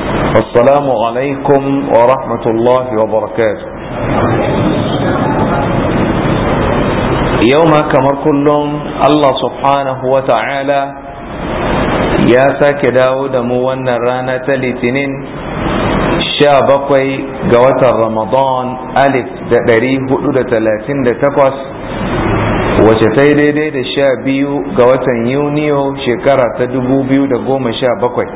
alaikum wa wa السلام yau ma kamar وبركاته allah كمر كلهم الله سبحانه وتعالى يا ساك داود موانا رانا تلتنين sha bakwai ga watan ramadan alif da ɗari hudu da talatin da takwas wace ta yi daidai da sha biyu ga watan yuniyo shekara ta dubu biyu da goma sha bakwai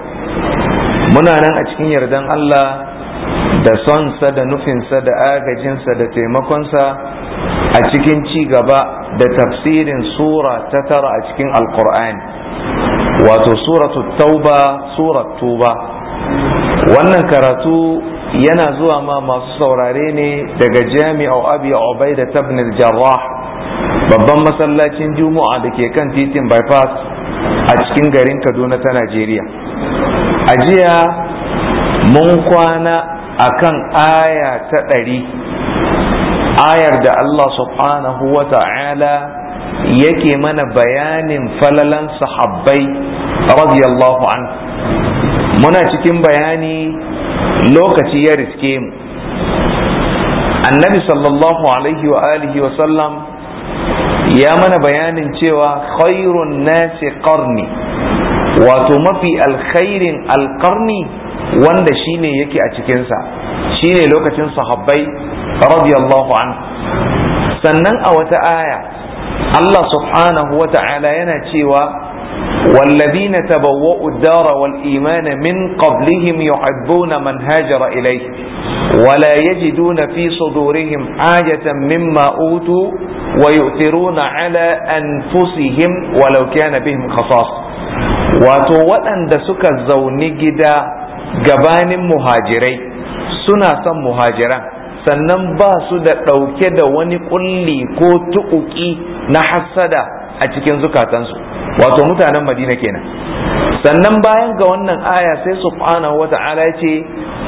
muna nan a cikin yardan Allah da sonsa da nufinsa da agajinsa da taimakonsa a cikin ci gaba da tafsirin sura ta tara a cikin alkur'ani wato suratu tauba surat tuba wannan karatu yana zuwa ma masu saurare ne daga jami'a abi obai da tabnil jarrah babban masallacin juma'a da ke kan titin bypass a cikin garin kaduna ta najeriya ajiya mun kwana akan aya ta ɗari ayar da Allah subhanahu wa ta'ala yake mana bayanin falalan sahabbai radiyallahu an muna cikin bayani lokaci ya riske mu annabi sallallahu alaihi wa alihi wa sallam ya mana bayanin cewa khairun nasi qarni wato mafi alkhairin alkarni wanda shine yake a cikinsa shine lokacin sahabbai radiyallahu an sannan a wata aya Allah subhanahu wa ta'ala yana cewa والذين تبوأوا الدار والإيمان من قبلهم يحبون من هاجر إليه ولا يجدون في صدورهم حاجة مما أوتوا ويؤثرون على أنفسهم ولو كان بهم خصاصة wato waɗanda suka zauni gida gabanin muhajirai suna son muhajiran sannan ba su da ɗauke da wani ƙulli ko tuƙuƙi na hassada a cikin zukatansu wato mutanen madina kenan sannan bayan ga wannan aya sai subhanahu wa ta'ala ce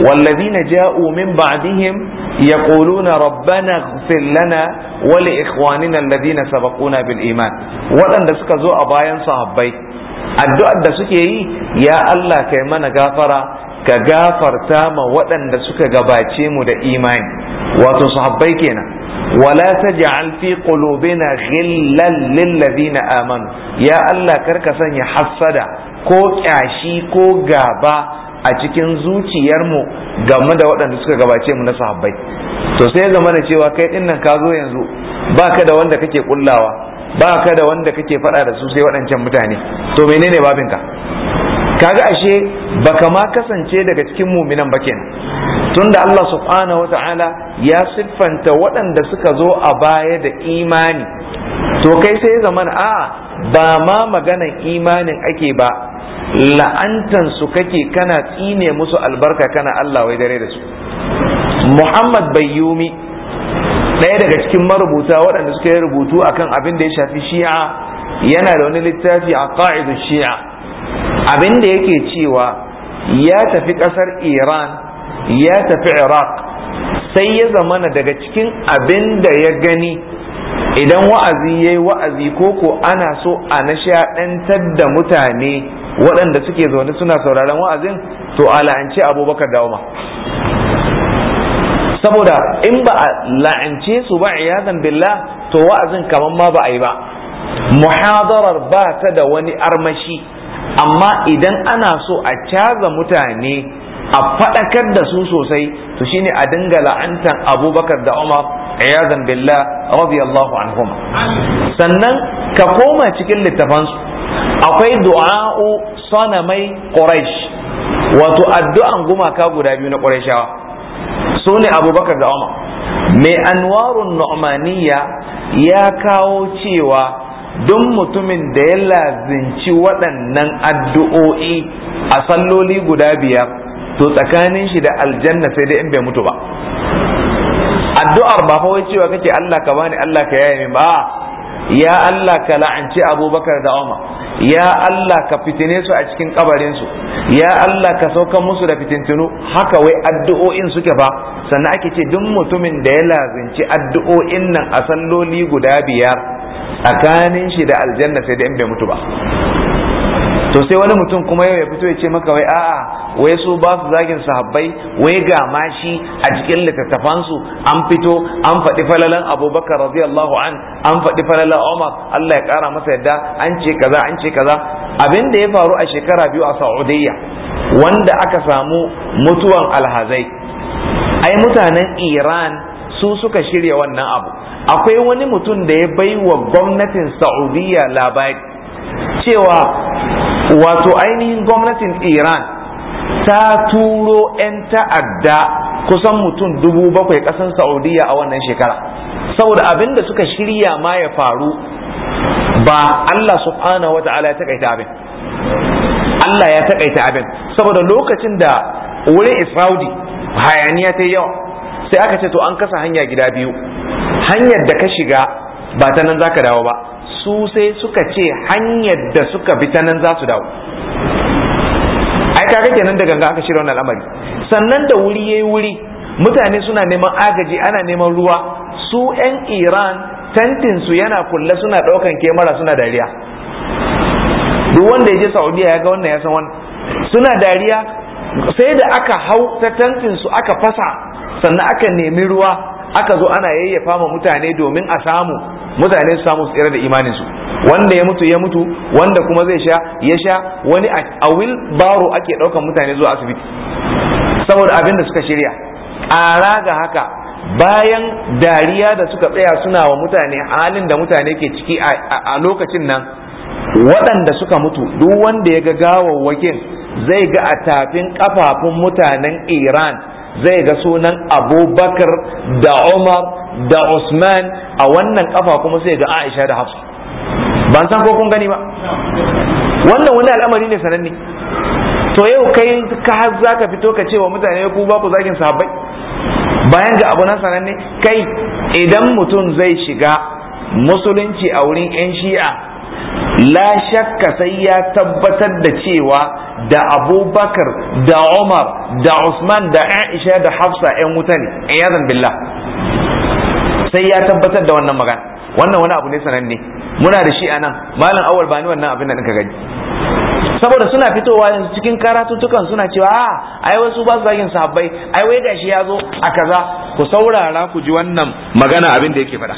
wallazina ja'u min ba'dihim yaquluna rabbana ighfir lana wa li ikhwanina alladhina sabaquna bil iman waɗanda suka zo a bayan sahabbai addu'ar da suke yi ya Allah kai mana gafara ka gafarta ma waɗanda suka gabace mu da imani wato sahabbai kenan wala taj'al fi qulubina ghillan lil ladina amanu ya Allah kar ka sanya hassada ko kyashi ko gaba a cikin zuciyarmu game da waɗanda suka gabace mu na sahabbai to sai ya zama cewa kai ɗinnan ka zo yanzu ba ka da wanda kake kullawa ba ka da wanda kake faɗa da su sai waɗancan mutane to menene babinka kaga ashe baka ma kasance daga cikin muminan ba kenan tunda Allah subhanahu wata'ala ya siffanta waɗanda suka zo a baya da imani to kai sai zaman a ba ma maganan imanin ake ba la'antan su kake kana tsine musu albarka kana Allah wai dare da su Muhammad Bayyumi ɗaya daga cikin marubuta waɗanda suka yi rubutu akan abin da ya shafi shi'a yana da wani littafi a ƙa'idu shi'a abin da yake cewa ya tafi ƙasar iran ya tafi iraq sai ya zamana daga cikin abin da ya gani idan wa'azi ya yi wa'azi koko ana so a nishaɗantar da mutane waɗanda suke zaune suna sauraron wa'azin to ala'ance abubakar dauma saboda in ba a la'ance su ba iyadan billah to wa'azin kaman ma ba a yi ba muhadarar ba ta da wani armashi amma idan ana so a caza mutane a faɗakar da su sosai to shine a dinga la'antan abubakar da umar iyadan billah radiyallahu anhu. sannan ka koma cikin littafansu akwai du'a'u sanamai quraish wato addu'an gumaka guda biyu na qurayshawa su ne abubakar da umar mai anwarun nu'maniya ya kawo cewa don mutumin da ya lazinci waɗannan addu'o'i a salloli guda biyar to tsakanin shi da aljanna sai dai in bai mutu ba addu'ar ba kawai wai cewa kake Allah ka bani Allah ka yaye min ba ya Allah ka la'anci abubakar da Umar ya Allah ka fitine su a cikin ƙabarinsu. ya Allah ka saukan musu da fitintunu haka wai addu'o'in suke fa sannan ake ce duk mutumin da ya lazinci addu'o'in nan a salloli guda biyar tsakanin shi da aljanna sai da in bai mutu ba to sai wani mutum kuma yau ya fito ya ce maka wai a'a wai su ba su zagin sahabbai wai ga mashi a cikin littattafansu an fito an faɗi falalan abubakar radiyallahu an an faɗi falalan umar allah ya ƙara masa yadda an ce kaza an ce kaza abin da ya faru a shekara biyu a saudiya wanda aka samu mutuwan alhazai ai mutanen iran su suka shirya wannan abu akwai wani mutum da ya bai wa gwamnatin saudiya labari cewa wato ainihin gwamnatin iran ta turo 'yan ta'adda kusan mutum dubu bakwai kasan saudiya a wannan shekara saboda abin da suka shirya ma ya faru ba allah subhanahu wa ta'ala ya takaita abin allah ya takaita abin saboda lokacin da wurin israudi hayaniya ta yawa sai aka ce to an kasa hanya gida biyu hanyar da ka shiga ba ta nan za ka dawo ba su sai suka ce hanyar da suka bi ta nan za su dawo ai kaga kenan da ganga aka shirya wannan al'amari sannan da wuri yayi wuri mutane suna neman agaji ana neman ruwa su 'yan iran tantin su yana kulle suna ɗaukan kemara suna dariya duk wanda ya je saudiya ya ga wannan ya san wannan suna dariya sai da aka hau ta tantin su aka fasa sannan aka nemi ruwa aka zo ana yayyafa ma mutane domin a samu mutane su samu tsira da imanin su wanda ya mutu ya mutu wanda kuma zai sha ya sha wani a will baro ake daukan mutane zuwa asibiti saboda abin da suka shirya ƙara ga haka bayan dariya da suka tsaya suna wa mutane halin da mutane ke ciki a lokacin nan waɗanda suka mutu duk wanda ya ga gawawwakin zai ga a tafin kafafun mutanen iran zai ga sunan abubakar da umar da usman a wannan kafa kuma sai ga aisha da hafsa ban san ko kun gani ba wannan wani al'amari ne sananne to yau kai ka har za ka fito ka ce wa mutane ku ba ku zagin sahabbai bayan ga abu sananne kai idan mutum zai shiga musulunci a wurin 'yan shi'a la shakka sai ya tabbatar da cewa da abubakar da umar da usman da aisha da hafsa yan wuta ne iyazan billah sai ya tabbatar da wannan magana wannan wani abu ne sananne muna da shi anan malam awal bani wannan abin da ɗinka gani saboda suna fitowa yanzu cikin karatutukan suna cewa a ah, ai wasu ba su zagin sahabbai ai wai gashi ya zo a kaza ku saurara ku ji wannan magana abin da yake faɗa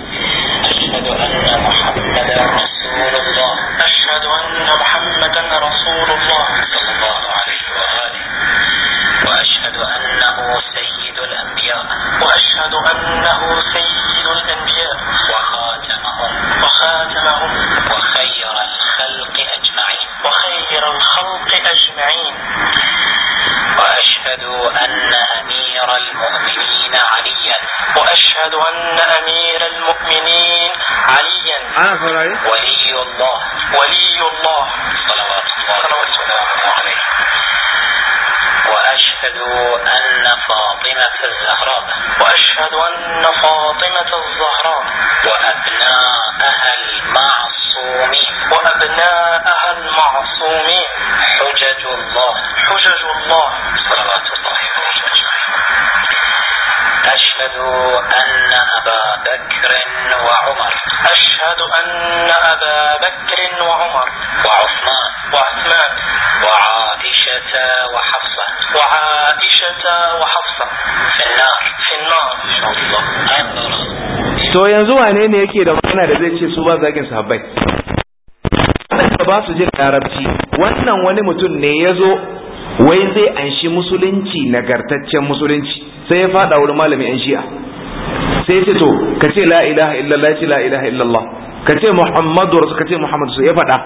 عارف إيه؟ ولي الله ولي الله صلوات الله عليه واشهد ان فاطمه الزهراء واشهد ان فاطمه to yanzu wane ne yake da magana da zai ce su ba zagin sahabbai waɗanda ba su jin larabci wannan wani mutum ne ya zo wai zai anshi musulunci nagartaccen musulunci sai ya faɗa wurin malami yan shi'a sai ce to ka ce la ilaha illallah ce la ilaha illallah ka ce muhammadu rasu ka ce muhammadu su ya faɗa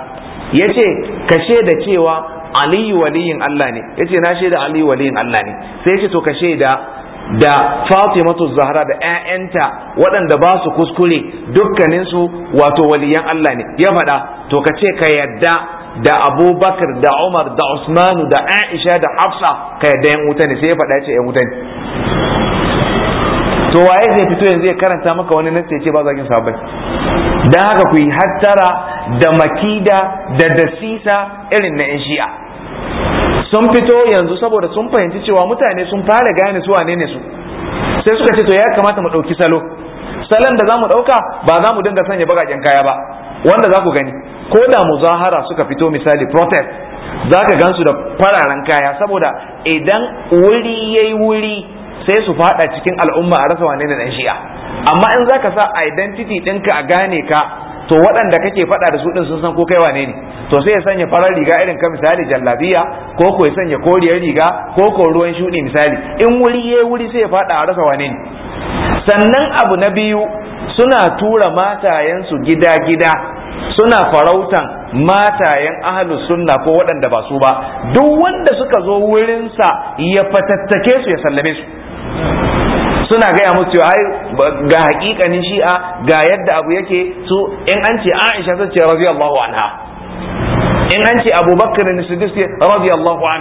ya ce ka da cewa aliyu waliyin allah ne ya ce na shaida aliyu waliyin allah ne sai ya ce to ka shaida da fatimatu zahra da 'ya'yanta waɗanda ba su kuskure dukkaninsu wato waliyan Allah ne ya faɗa to ka ce ka yadda da abubakar da umar da usmanu da aisha da hafsa ka yadda yan wuta ne sai ya faɗa ce yan wuta ne to waye zai fito yanzu ya karanta maka wani nasta ya ce ba zagin sabai dan haka ku yi hattara da makida da dasisa irin na 'yan shi'a sun fito yanzu saboda sun fahimci cewa mutane sun fara gane su wane ne su sai suka ce to ya kamata mu ɗauki salo salon da za mu ɗauka ba za mu dinga sanya bagajen kaya ba wanda za ku gani ko da muzahara suka fito misali protest za ka gansu da fararen kaya saboda idan wuri ya yi wuri sai su fada cikin al'umma a rasa wane da dan shi'a amma in za ka sa identity ɗinka a gane ka to waɗanda kake faɗa da su ɗin sun san ko kai wane ne to sai ya sanya farar riga irin ka misali jallabiya ko ko ya sanya koriyar riga ko ko ruwan shuɗi misali in wuri ya wuri sai ya faɗa a rasa wane ne sannan abu na biyu suna tura matayensu gida-gida suna farautan matayen ahlus sunna ko waɗanda ba su ba duk wanda suka zo wurinsa ya fatattake su ya sallame su suna gaya musu cewa ai ga hakikanin shi'a ga yadda abu yake su in an ce Aisha ta ce radiyallahu anha in an ce Abu Bakar ne su ce radiyallahu an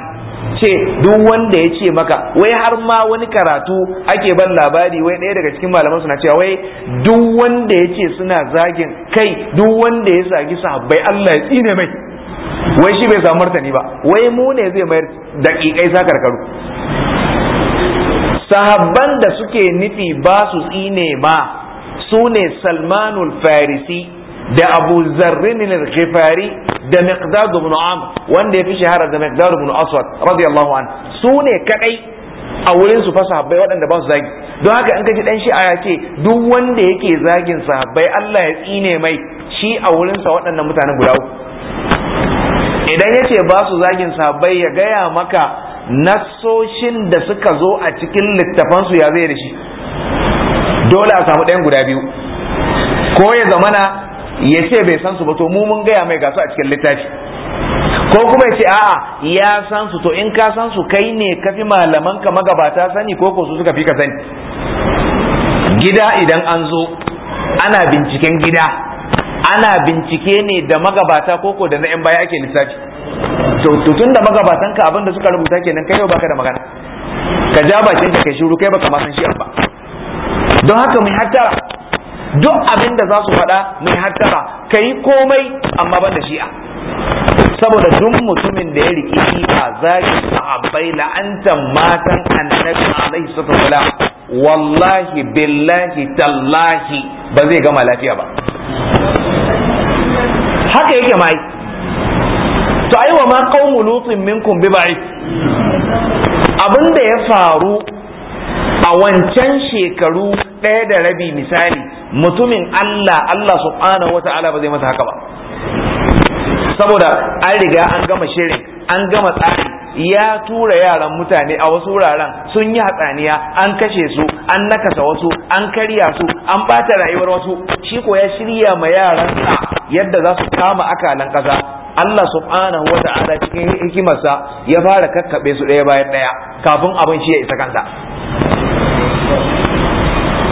ce duk wanda ya ce maka wai har ma wani karatu ake ban labari wai ɗaya daga cikin malaman suna cewa wai duk wanda ya ce suna zagin kai duk wanda ya zagi sahabbai Allah ya tsine mai wai shi bai samu martani ba wai mu ne zai mayar daƙiƙai sakarkaru sahabban da suke nufi ba su tsine ba su ne salmanul farisi da abu zarrin al da miqdad ibn amr wanda ya fi shahara da miqdad ibn aswad radiyallahu an su ne kadai a wurin su fa sahabbai waɗanda ba su zagi don haka in gaji ɗan dan shi'a ya ce duk wanda yake zagin sahabbai Allah ya tsine mai shi a wurin sa waɗannan mutanen guda uku idan yace ba su zagin sahabbai ya gaya maka nassoshin da suka zo a cikin littafansu ya zai da shi dole a samu ɗayan guda biyu ko ya zamana ya ce bai san su ba to mu mun gaya mai gasu a cikin littafi ko kuma ya ce a'a ya san su to in ka san su kai ne ka fi malaman ka magabata sani ko ko su suka fi ka sani gida idan an zo ana binciken gida ana bincike ne da magabata koko da na 'yan baya ake lissafi to tun da magabatan ka abin suka rubuta kenan kai yau baka da magana ka ja bakin ka kai shiru kai baka ma san shi ba don haka mu hattara duk abin da za su faɗa mu hattara kai komai amma ban da shi'a saboda duk mutumin da ya riƙe a zaki sahabbai la'antan matan annabi alaihi salatu kula wallahi billahi tallahi ba zai gama lafiya ba haka yake mai to aiwa ma qaumu lutin minkum bi ba'i abin da ya faru a wancan shekaru ɗaya da rabi misali mutumin Allah Allah subhanahu wata'ala ba zai masa haka ba saboda an riga an gama shirin an gama tsari ya tura yaran mutane a wasu wuraren sun yi hatsaniya an kashe su an nakasa wasu an karya su an bata rayuwar wasu shi ko ya shirya ma yaransa yadda za su kama akalan kasa. Allah subhanahu wa ta'ala cikin hikimarsa ya fara kakkaɓe su ɗaya bayan ɗaya kafin abin shi ya isa kansa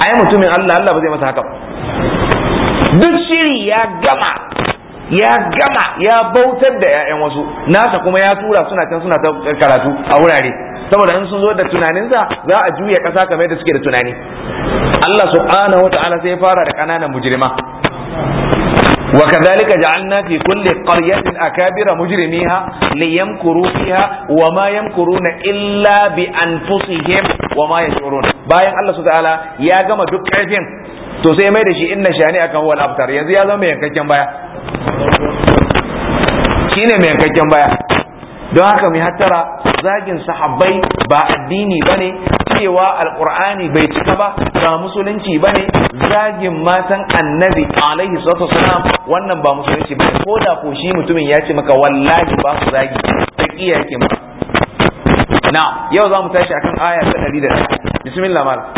ai mutumin Allah Allah ba zai masa haka duk shiri ya gama ya gama ya bautar da 'ya'yan wasu nasa kuma ya tura suna can suna ta karatu a wurare saboda in sun zo da tunaninsa za a juya ƙasa kamar da suke da tunani Allah subhanahu wa ta'ala sai ya fara da ƙananan mujrima وكذلك جعلنا في كل قرية أكابر مجرميها ليمكروا فيها وما يمكرون إلا بأنفسهم وما يشعرون Bayan Allah سبحانه وتعالى يا جماعة دكتين to sai mai da shi inna shani akan huwa abtar yanzu ya zama yankakken baya shine mai yankakken baya don haka mai hattara zagin sahabbai ba addini ba ne, cewa alkur'ani bai cika ba ba musulunci ba ne, zagin matan annabi alaihi salatu wannan ba musulunci ne. ko da ko shi mutumin ya ce maka wallahi ba su zagi kiya yake maka na yau za mu tashi akan aya ta 101 bismillah mal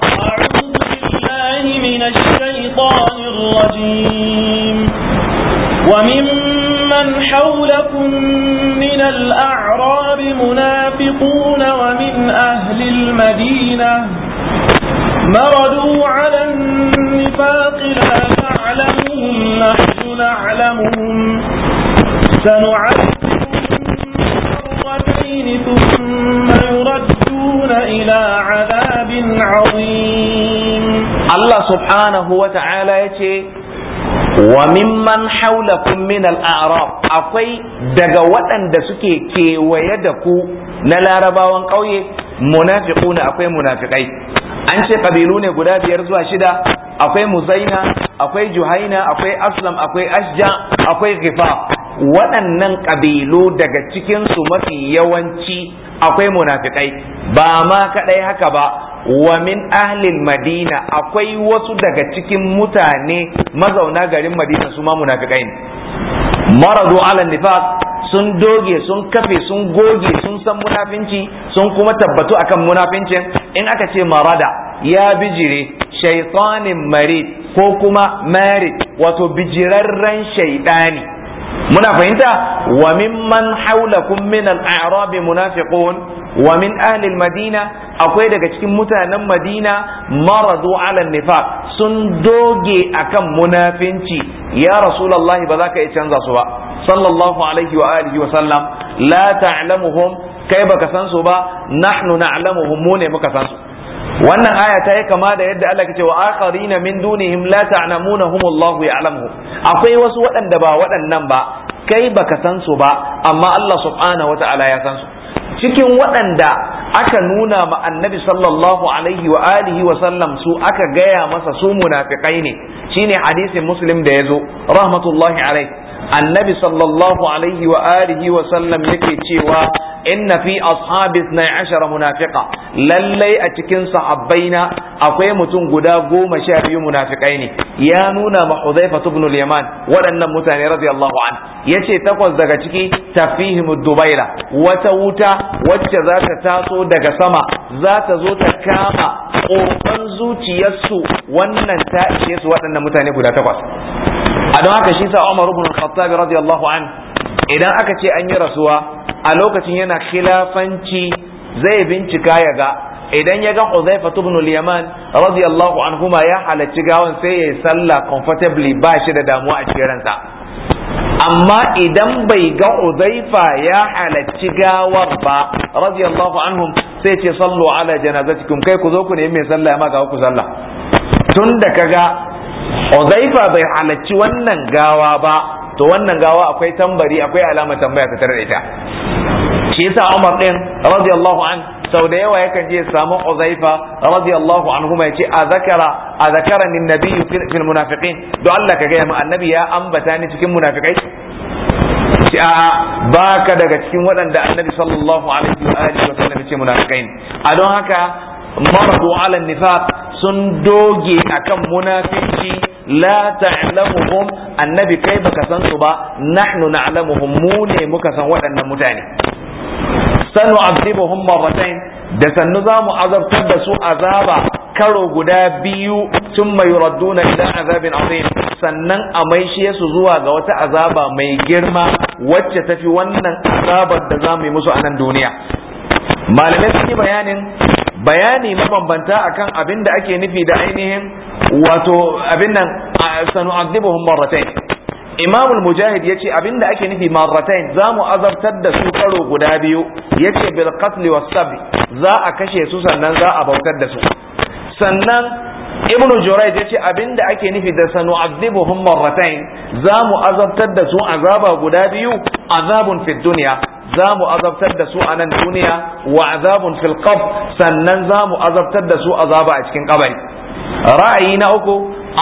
أعوذ ومن حولكم من الأعراب منافقون ومن أهل المدينة مردوا على النفاق لا تعلمهم نحن نعلمهم سنعذبهم مرتين ثم يردون إلى عذاب عظيم الله سبحانه وتعالى يتي wa mimman haulakum min al-a'rab akwai daga waɗanda suke kewaye da ku na larabawan ƙauye munafiquna akwai munafiqai an ce kabilu ne guda biyar zuwa shida akwai muzaina akwai juhaina akwai aslam akwai ashja akwai ghifa waɗannan ƙabilu daga cikinsu mafi yawanci akwai munafikai ba ma kaɗai haka ba wa min ahlil madina akwai wasu daga cikin mutane mazauna garin madina su ma munafikai ne maradu ala nifaq sun doge sun kafe sun goge sun san munafinci sun kuma tabbatu akan munafincin in aka ce marada ya bijire shaitanin marid ko kuma marid wato bijirarren shaidani muna fahimta wa mimman haulakum min al-a'rabi munafiqun wa min ahli al-madina akwai daga cikin mutanen Madina maradu ala nifaq sun doge akan munafinci ya rasulullahi ba za ka iya canza su ba sallallahu alaihi wa alihi wa sallam la ta'lamuhum kai baka san su ba nahnu na'lamuhum mu ne muka san su wannan aya ta yi kama da yadda Allah ke cewa akharina min dunihim la ta'lamunahum Allah ya'lamuhu akwai wasu waɗanda ba waɗannan ba kai baka san su ba amma Allah subhanahu wata'ala ya san su cikin waɗanda aka nuna ma annabi sallallahu alaihi wa alihi wa sallam su aka gaya masa su munafiqai ne shine hadisin muslim da ya zo, rahmatullahi alaihi annabi sallallahu alaihi wa alihi wa sallam yake cewa inna fi ashabi 12 munafiqa lallai a cikin na akwai mutum guda goma sha biyu munafikai ne ya nuna ma Hudhaifa ibn al-Yaman waɗannan mutane radiyallahu an yace takwas daga ciki tafihim dubaila wata wuta wacce za ta taso daga sama za ta zo ta kama ƙofan zuciyarsu wannan ta ishe su waɗannan mutane guda takwas a don haka shi sa Umar ibn Khattab radiyallahu an idan aka ce an yi rasuwa a lokacin yana khilafanci zai bincika ya ga idan ya ga Uzaifa ibn al-Yaman radiyallahu anhuma ya halacci gawan sai ya yi sallah comfortably ba shi da damuwa a cikin ransa amma idan bai ga Uzaifa ya halacci gawar ba radiyallahu anhum sai ce sallu ala janazatikum kai ku zo ku nemi mai sallah ya ga ku sallah tun da kaga Uzaifa bai halarci wannan gawa ba to wannan gawa akwai tambari akwai alama tambaya ta tare da ita shi yasa Umar din radiyallahu an sau da yawa yakan je samu Uzaifa radiyallahu anhu mai ce a zakara a zakara min nabiyyu fil munafiqin Do Allah ka gaya mu annabi ya ambata ni cikin munafikai ce a baka daga cikin waɗanda annabi sallallahu alaihi wa alihi wa sallam ce munafikai. a don haka maradu ala nifaq sun doge akan munafici la ta'lamuhum annabi kai baka san su ba nahnu na'lamuhum mu ne muka san waɗannan mutane sanu azibuhum marratayn da sannu zamu mu azabtar da su azaba karo guda biyu tun mai radduna ila azabin azim sannan a maishe su zuwa ga wata azaba mai girma wacce tafi wannan azabar da za yi musu a nan duniya malamai sun yi bayanin bayani mabambanta akan abin da ake nufi da ainihin wato abin nan sanu'adhibuhum marratayn imam mujahid yace abin da ake nufi marratayn za mu azabtar da su karo guda biyu yace bil qatl was sabi za a kashe su sannan za a bautar da su sannan ibnu jurayj yace abin da ake nufi da sanu'adhibuhum marratayn za mu azabtar da su azaba guda biyu azabun fid dunya za mu azabtar da su a nan duniya wa azabun fil sannan za mu azabtar da su azaba a cikin kabari ra'ayi na uku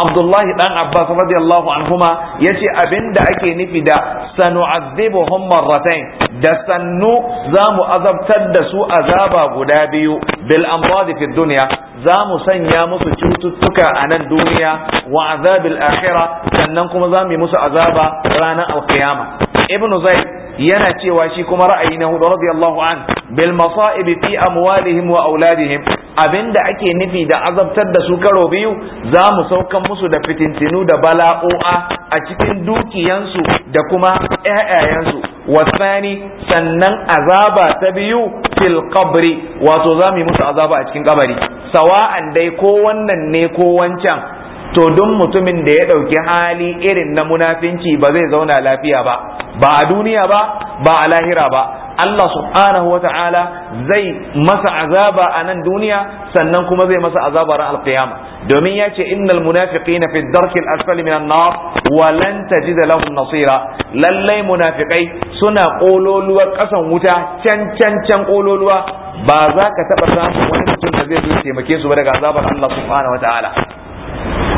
Abdullahi dan Abbas radiyallahu anhuma yace abinda ake nufi da sanu'adhibuhum marratayn da sannu za mu azabtar da su azaba guda biyu bil amrad fi dunya za mu sanya musu cututtuka a nan duniya wa azabil akhirah sannan kuma za mu yi musu azaba ranar alqiyama ibnu zaid yana cewa shi kuma ra'ayi na hudu radiyallahu an bil masa'ib fi amwalihim wa auladihim abinda ake nufi da azabtar da su karo biyu za mu saukan musu da fitintinu da bala'o'a a cikin dukiyansu da kuma ƴaƴayensu wasani sannan azaba ta biyu fil qabri wato za mu yi musu azaba a cikin kabari sawa'an dai ko wannan ne ko wancan to duk mutumin da ya ɗauki hali irin na munafinci ba zai zauna lafiya ba ba a duniya ba ba a lahira ba Allah subhanahu ta'ala zai masa azaba a nan duniya sannan kuma zai masa azaba ran alqiyama domin ya ce innal munafiqina fi darkil asfali minan nar wa lan tajida lahum nasira lallai munafiqai suna ƙololuwar kasan wuta can can can kololuwa ba za ka taba samun wani mutum da zai zo taimake su ba daga azabar Allah subhanahu ta'ala.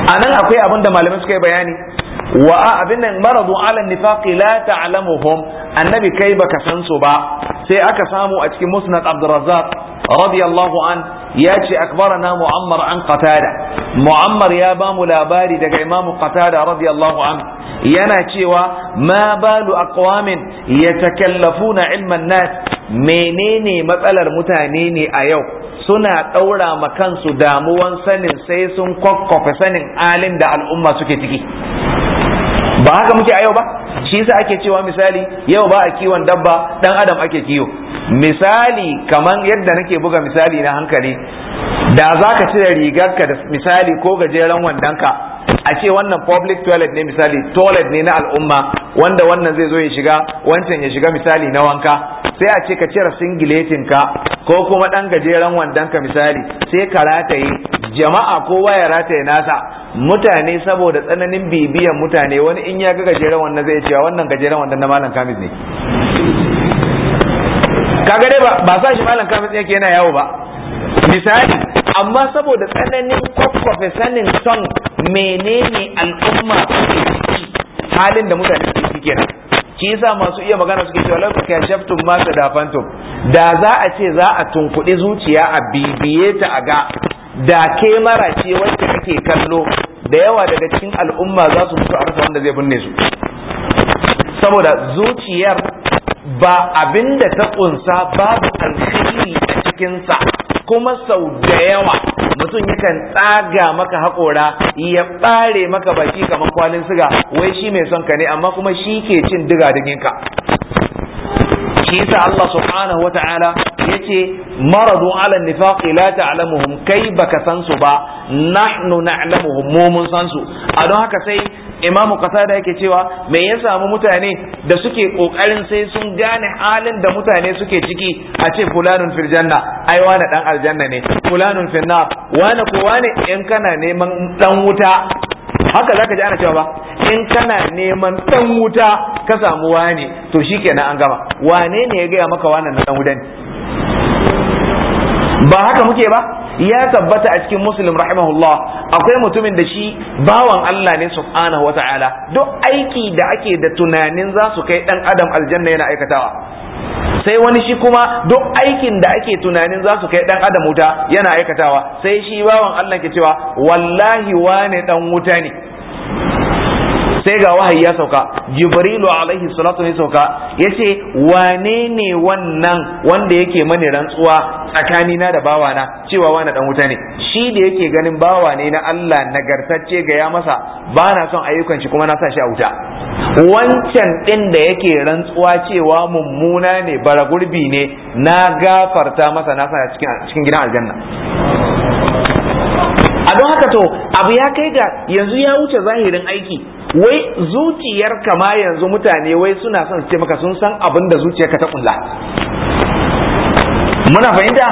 a nan akwai abin da malamai suka yi bayani wa abin nan maradu ala nifaqi la ta'lamuhum annabi kai baka san su ba sai aka samu a cikin musnad abdurrazzaq radiyallahu an ya ce akbarana mu'ammar an qatada mu'ammar ya ba mu labari daga imam qatada radiyallahu an yana cewa ma balu aqwamin yatakallafuna ilman nas menene matsalar mutane ne a yau suna ɗaura ma kansu damuwan sanin sai sun kwakwafe sanin alin da al'umma suke ciki ba haka muke a yau ba shi yasa ake cewa misali yau ba a kiwon dabba ɗan adam ake kiwo misali kamar yadda nake buga misali na hankali da za ka cire rigarka da misali ko gajeren wandonka a ce wannan public toilet ne misali toilet ne na al'umma wanda wannan zai zo ya shiga wancan ya shiga misali na wanka sai a ce ka cire singiletin ka ko kuma dan gajeren wandon ka misali sai ka rataye jama'a ko ya rataye nasa mutane saboda tsananin bibiyan mutane wani in ya ga gajeren wannan zai cewa wannan gajeren wannan na malam kamis ne kaga dai ba sa shi malam kamis yake yana yawo ba misali amma saboda tsananin kwakwafe sanin son menene al'umma halin da mutane suke cikin ki yasa masu iya magana suke cewa lauka kashaftum ma sadafantum da za a ce za a tunkuɗi zuciya a bibiye ta a ga da ke mara ce wacce kake kallo da yawa daga cikin al'umma za su mutu a rasa wanda zai binne su saboda zuciyar ba abinda da ta kunsa babu alkhairi a cikinsa kuma sau da yawa mutum yakan tsaga maka haƙora ya ɓare maka baki kamar kwalin siga wai shi mai son ka ne amma kuma shi ke cin diga ka shi yasa Allah subhanahu wata'ala yace maradu ala nifaqi la ta'lamuhum kai baka san su ba nahnu na'lamuhum mu mun san su a don haka sai imamu kasada yake cewa me ya samu mutane da suke kokarin sai sun gane halin da mutane suke ciki a ce fulanun fil janna ai wani dan aljanna ne fulanun fil nar ko wani in kana neman dan wuta haka zaka ji ana cewa ba in kana neman dan wuta ka samu wani to shikenan an gama wane ne ya gaya maka wannan dan wuta ba haka muke ba ya tabbata a cikin muslim rahimahullah akwai mutumin da shi bawan Allah ne subhanahu ta'ala duk aiki da ake da tunanin za su kai dan adam aljanna yana aikatawa sai wani shi kuma duk aikin da ake tunanin za su kai dan adam wuta yana aikatawa sai shi bawan Allah ke cewa wallahi wane dan wuta ne sai ga wahayi ya sauka jibrilu alaihi salatu ya sauka yace wane ne wannan wanda yake mani rantsuwa tsakani na da bawana cewa wani dan wuta ne shi da yake ganin bawa ne na Allah nagartacce ga ya masa ba na son ayyukan shi kuma na sa shi a wuta wancan din da yake rantsuwa cewa mummuna ne bara gurbi ne na gafarta masa na sa cikin cikin gidan aljanna a don haka to abu ya kai ga yanzu ya wuce zahirin aiki wai zuciyar kama yanzu mutane wai suna son su ce maka sun san abin da zuciyar ka ta kulla muna fahimta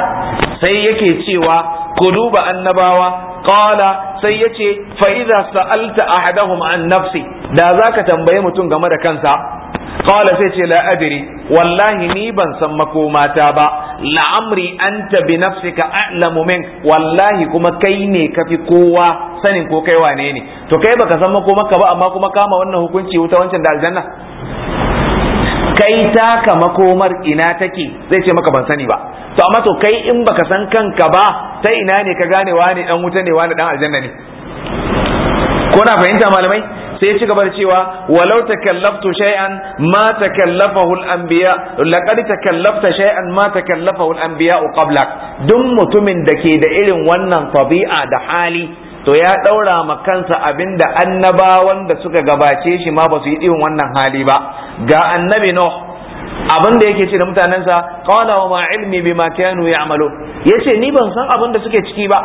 sai yake cewa ku duba annabawa qala sai yace fa iza sa'alta ahadahum an nafsi da zaka tambaye mutum game da kansa qala sai ce la adri wallahi ni ban san makomata ba la'amri anta bi nafsika a'lamu min wallahi kuma kai ne kafi kowa sanin ko kai wane ne to kai baka san makomaka ba amma kuma kama wannan hukunci wuta wancan da aljanna kai taka makomar ina take zai ce maka ban sani ba to amma to kai in baka san kanka ba ta ina ne ka gane wane dan wuta ne wane dan aljanna ne ko na fahimta malamai sai ya ci gaba da cewa walau takallaftu shay'an ma takallafahu al-anbiya laqad takallafta shay'an ma takallafahu al-anbiya qablak duk mutumin da ke da irin wannan tabi'a da hali to ya daura ma kansa abinda annabawan da suka gabace shi ma ba su yi irin wannan hali ba ga annabi Nuh abin da yake ce da mutanensa qala wa ma ilmi bima kanu ya'malu yace ni ban san abin da suke ciki ba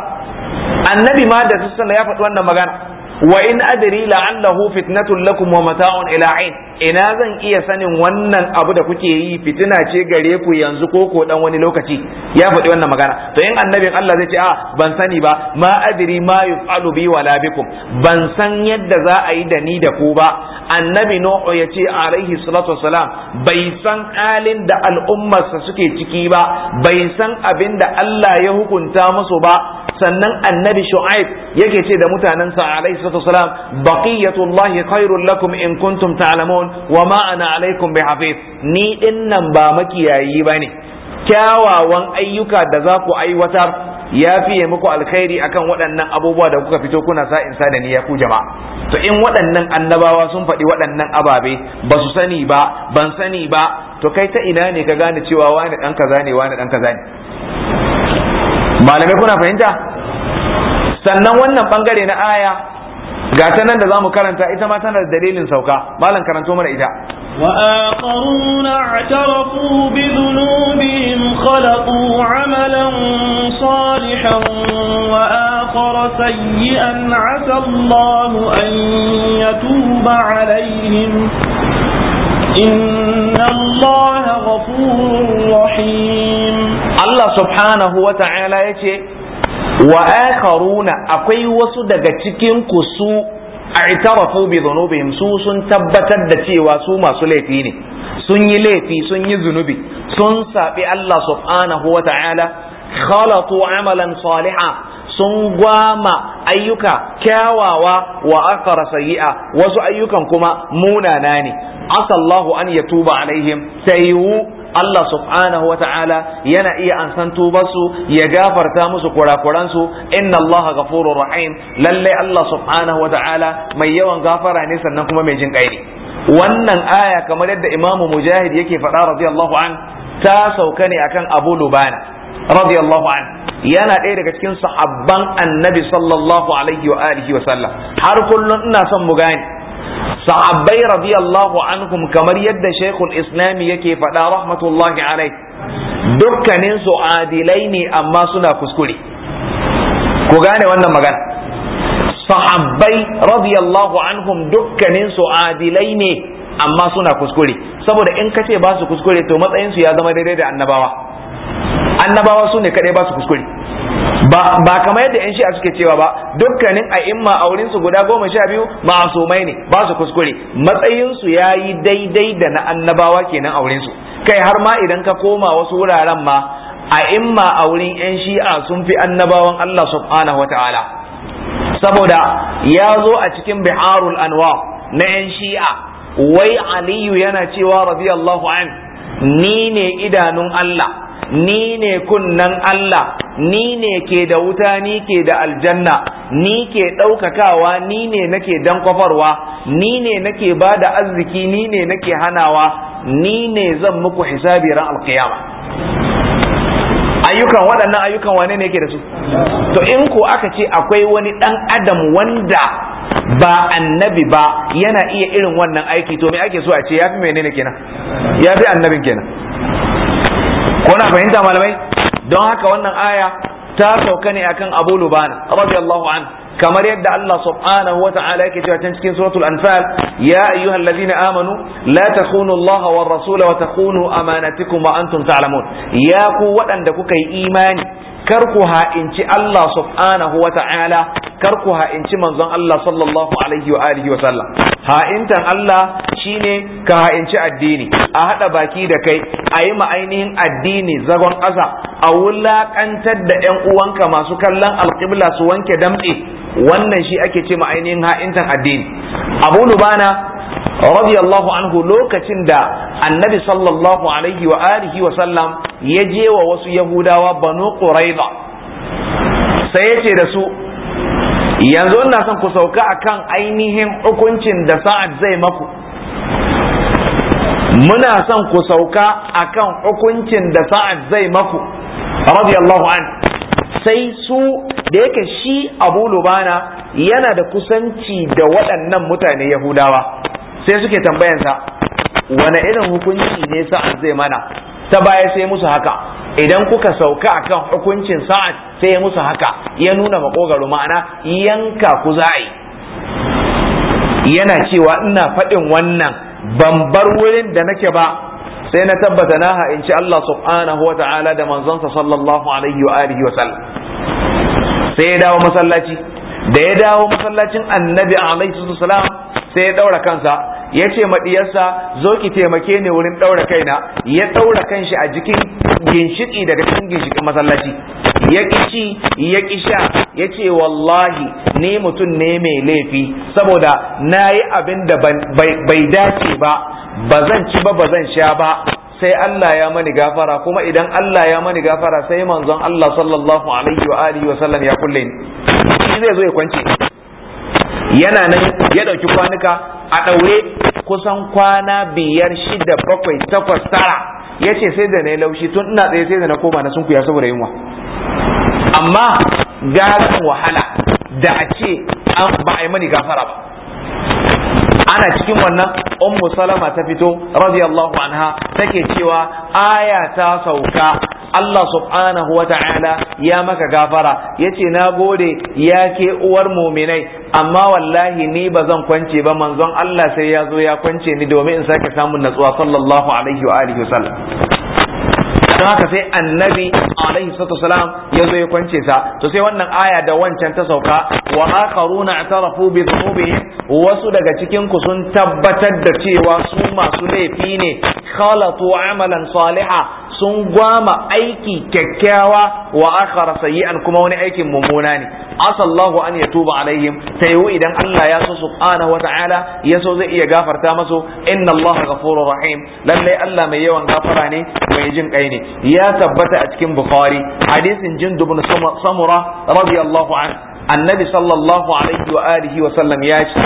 annabi ma da sassan ya faɗi wannan magana wa in adri la'allahu fitnatun lakum wa mata'un ila ain ina zan iya sanin wannan abu da kuke yi fitina ce gare ku yanzu ko ko dan wani lokaci ya faɗi wannan magana to in annabin Allah zai ce a ah, ban sani ba ma adri ma yuf'alu bi wala bikum ban san yadda za a yi da ni da ku ba annabi nuhu ya ce alaihi salatu wassalam bai san halin da al'ummarsa suke ciki ba bai san abin da Allah ya hukunta musu ba sannan annabi shu'aib yake ce da mutanensa alaihi salatu wasalam baqiyatullahi khairul lakum in kuntum ta'lamun wa ma ana alaikum bihafiz ni nan ba makiyayi bane kyawawan ayyuka da za ku aiwatar ya fiye muku alkhairi akan waɗannan abubuwa da kuka fito kuna sa insa da niyya ku jama'a to in waɗannan annabawa sun faɗi waɗannan ababe ba su sani ba ban sani ba to kai ta ina ne ka gane cewa wani ɗan kaza ne wani ɗan kaza ne malamai kuna fahimta sannan wannan bangare na aya ga ta nan da zamu karanta ita ma tana da dalilin sauka malam karanto mana ita وآخرون اعترفوا بذنوبهم خلقوا عملا صالحا وآخر سيئا عسى الله أن يتوب عليهم إن الله غفور رحيم Allah subhanahu wa ta'ala ya ce wa akaruna akwai wasu daga cikin ku su i'tarafu bi dhunubihim su sun tabbatar da cewa su masu laifi ne sun yi laifi sun yi zunubi sun saɓi Allah subhanahu wa ta'ala khalatu amalan saliha sun gwama ayyuka kyawawa wa akara sayi'a wasu ayyukan kuma munana ne asallahu an ya tuba alaihim ta Allah subhanahu wa ta'ala yana iya ansan tubarsu ya gafarta musu kurakuransu inna Allah ghafurur rahim lalle Allah subhanahu wa ta'ala mai yawan gafara ne sannan kuma mai jin kai ne wannan aya kamar yadda Imam Mujahid yake faɗa radiyallahu an ta sauka ne akan Abu Lubana radiyallahu an yana ɗaya daga cikin sahabban annabi sallallahu alaihi wa alihi wa sallam har kullum ina son mu gane sahabbai radiyallahu anhum kamar yadda shaykhul islami yake faɗa rahmatullahi alai dukkanin su adilai ne amma suna kuskure ku gane wannan magana sahabbai radiyallahu anhum dukkanin su adilai ne amma suna kuskure saboda in kace ba su kuskure to matsayinsu ya zama daidai da annabawa annabawa su ne kadai ba su kuskure ba ba kamar yadda yan shi'a suke cewa ba dukkanin a'imma a wurin su guda goma sha biyu ma'asumai ne ba su kuskure matsayin su yayi daidai da na annabawa kenan a wurin su kai har ma idan ka koma wasu wuraren ma a'imma a wurin yan shi'a sun fi annabawan Allah subhanahu wataala saboda ya zo a cikin biharul anwa na yan shi'a wai aliyu yana cewa radiyallahu an ni ne idanun Allah ni ne kunnan Allah ni ne ke da wuta ni ke da aljanna ni ke ɗaukakawa ni ne nake kwafarwa ni ne nake ba da arziki ni ne nake hanawa ni ne zan muku hisabi ran alkiyama ayyukan waɗannan ayyukan wane ne yake da su to in ku aka ce akwai wani ɗan adam wanda ba annabi ba yana iya irin wannan aiki to me ake so a ce ya fi menene kenan Ya fi annabin kenan ko na fahimta malamai don haka wannan aya ta sauka ne akan Abu Lubana radiyallahu an kamar yadda Allah subhanahu wa ta'ala yake cewa cikin suratul anfal ya ayyuhal ladina amanu la takhunu Allah war rasul wa takhunu amanatikum wa antum ta'lamun ya ku waɗanda kuka yi imani kar ku ha'inci Allah subhanahu wa ta'ala kar ku ha'inci manzon Allah sallallahu alaihi wa alihi wa sallam ha'intan Allah shine ka ha'inci addini a hada baki da kai a yi ma ainihin addini zagon ƙasa a wulaƙantar da ƴan uwanka masu kallon alƙibla su wanke damɗe wannan shi ake ce ma ainihin ha'intan addini Abu Lubana radiyallahu anhu lokacin da annabi sallallahu alaihi wa alihi wa sallam ya je wa wasu yahudawa banu quraiza sai ya ce da su yanzu ina son ku sauka akan ainihin hukuncin da sa'ad zai maku muna son ku sauka akan hukuncin da sa'ad zai maku radiyallahu an sai su da yake shi abu lubana yana da kusanci da waɗannan mutane yahudawa sai suke tambayansa wane irin hukunci ne sa'ad zai mana ta baya sai musu haka idan kuka sauka akan hukuncin sa'ad sai ya musu haka ya nuna makogaro ma'ana yanka ku za'i yana cewa ina faɗin wannan ban bar wurin da nake ba sai na tabbata na ha'inci Allah subhanahu wata'ala da manzonsa sallallahu alaihi wa alihi wa sallam sai ya dawo masallaci da ya dawo masallacin annabi alaihi salam sai ya daura kansa ya ce maɗiyarsa zo ki taimake ni wurin ɗaura kaina ya ɗaura kanshi a jikin ginshiƙi daga cikin ginshiƙin masallaci ya ƙi ci ya ƙi sha ya ce wallahi ni mutum ne mai laifi saboda na yi abin da bai dace ba ba zan ci ba ba zan sha ba sai Allah ya mani gafara kuma idan Allah ya mani gafara sai manzon Allah sallallahu alaihi wa alihi wa sallam ya kulle ni shi zai zo ya kwance yana nan ya dauki kwanuka a ɗaure kusan kwana biyar shida bakwai takwas tara ya ce sai da na yi laushi tun ina tsaye sai da na koma na kuya saboda yunwa amma gasan wahala da a ce ba a yi mani gafara ba ana cikin wannan ummu salama ta fito radiyallahu anha take cewa aya ta sauka Allah subhanahu wa ta'ala ya maka gafara yace na gode ya ke uwar muminai amma wallahi ni ba zan kwance ba manzon Allah sai ya zo ya kwance ni domin in sake samun natsuwa sallallahu alaihi wa alihi wasallam don haka sai annabi alaihi salatu wasalam ya zo ya kwance sa to sai wannan aya da wancan ta sauka wa akharuna atarafu bi dhunubihim wasu daga cikin ku sun tabbatar da cewa su masu laifi ne khalatu amalan saliha sun gwama aiki kyakkyawa wa akhara sayyi'an kuma wani aikin mummuna ne asallahu an yatuba alaihim sayu idan Allah ya so subhanahu wa ta'ala ya so zai iya gafarta masu inna Allah ghafurur rahim lalle Allah mai yawan gafara ne mai jin kai ne ya tabbata a cikin bukhari hadisin jindub ibn samura radiyallahu anhu annabi sallallahu alaihi wa alihi wa sallam ya ce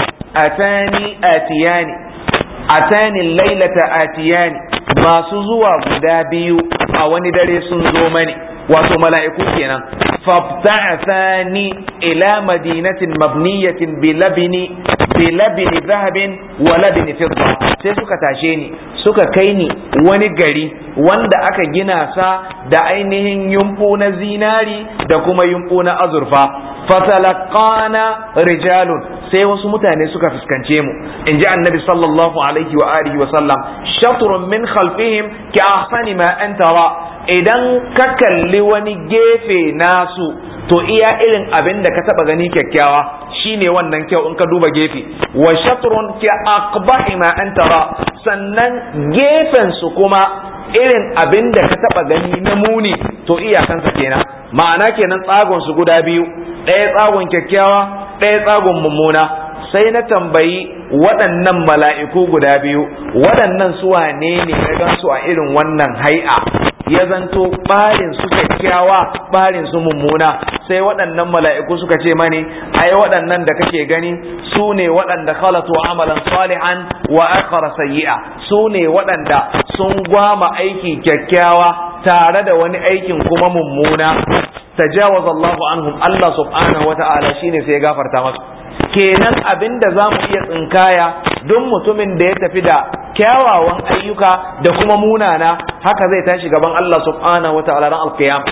atani atiyani atani laylata atiyani masu zuwa guda biyu a wani dare sun zo mani wato mala'iku kenan fabta'athani ila madinatin mabniyatin bilabini bilabini zahabin wa labini fidda sai suka tashe ni suka kai ni wani gari wanda aka gina sa da ainihin yumbu na zinari da kuma yumbu na azurfa fatalaqana rijalun sai wasu mutane suka fuskance mu in ji annabi sallallahu alaihi wa alihi wa sallam shatrun min khalfihim ki ahsani ma anta idan ka kalli wani gefe nasu to iya irin abin da ka taba gani kyakkyawa shine wannan kyau in ka duba gefe wa shatrun ka aqbahi ma an sannan gefen su kuma irin abin da ka taba gani na muni to iyakansa kenan ma'ana kenan tsagon su guda biyu ɗaya tsagon kyakkyawa ɗaya tsagon mummuna sai na tambayi waɗannan mala'iku guda biyu waɗannan su wanene ne ya gansu a irin wannan hai'a ya zanto barin su kyakkyawa barin su mummuna sai waɗannan mala'iku suka ce mani ai waɗannan da kake gani su ne waɗanda khalatu amalan salihan wa akhara sayyi'a su ne waɗanda sun gwama aiki kyakkyawa tare da wani aikin kuma mummuna tajawaza Allahu anhum Allah subhanahu wa ta'ala shine sai ya gafarta masu kenan abin da za mu iya tsinkaya duk mutumin da ya tafi da kyawawan ayyuka da kuma munana haka zai tashi gaban Allah subhanahu wa ta'ala ran alqiyam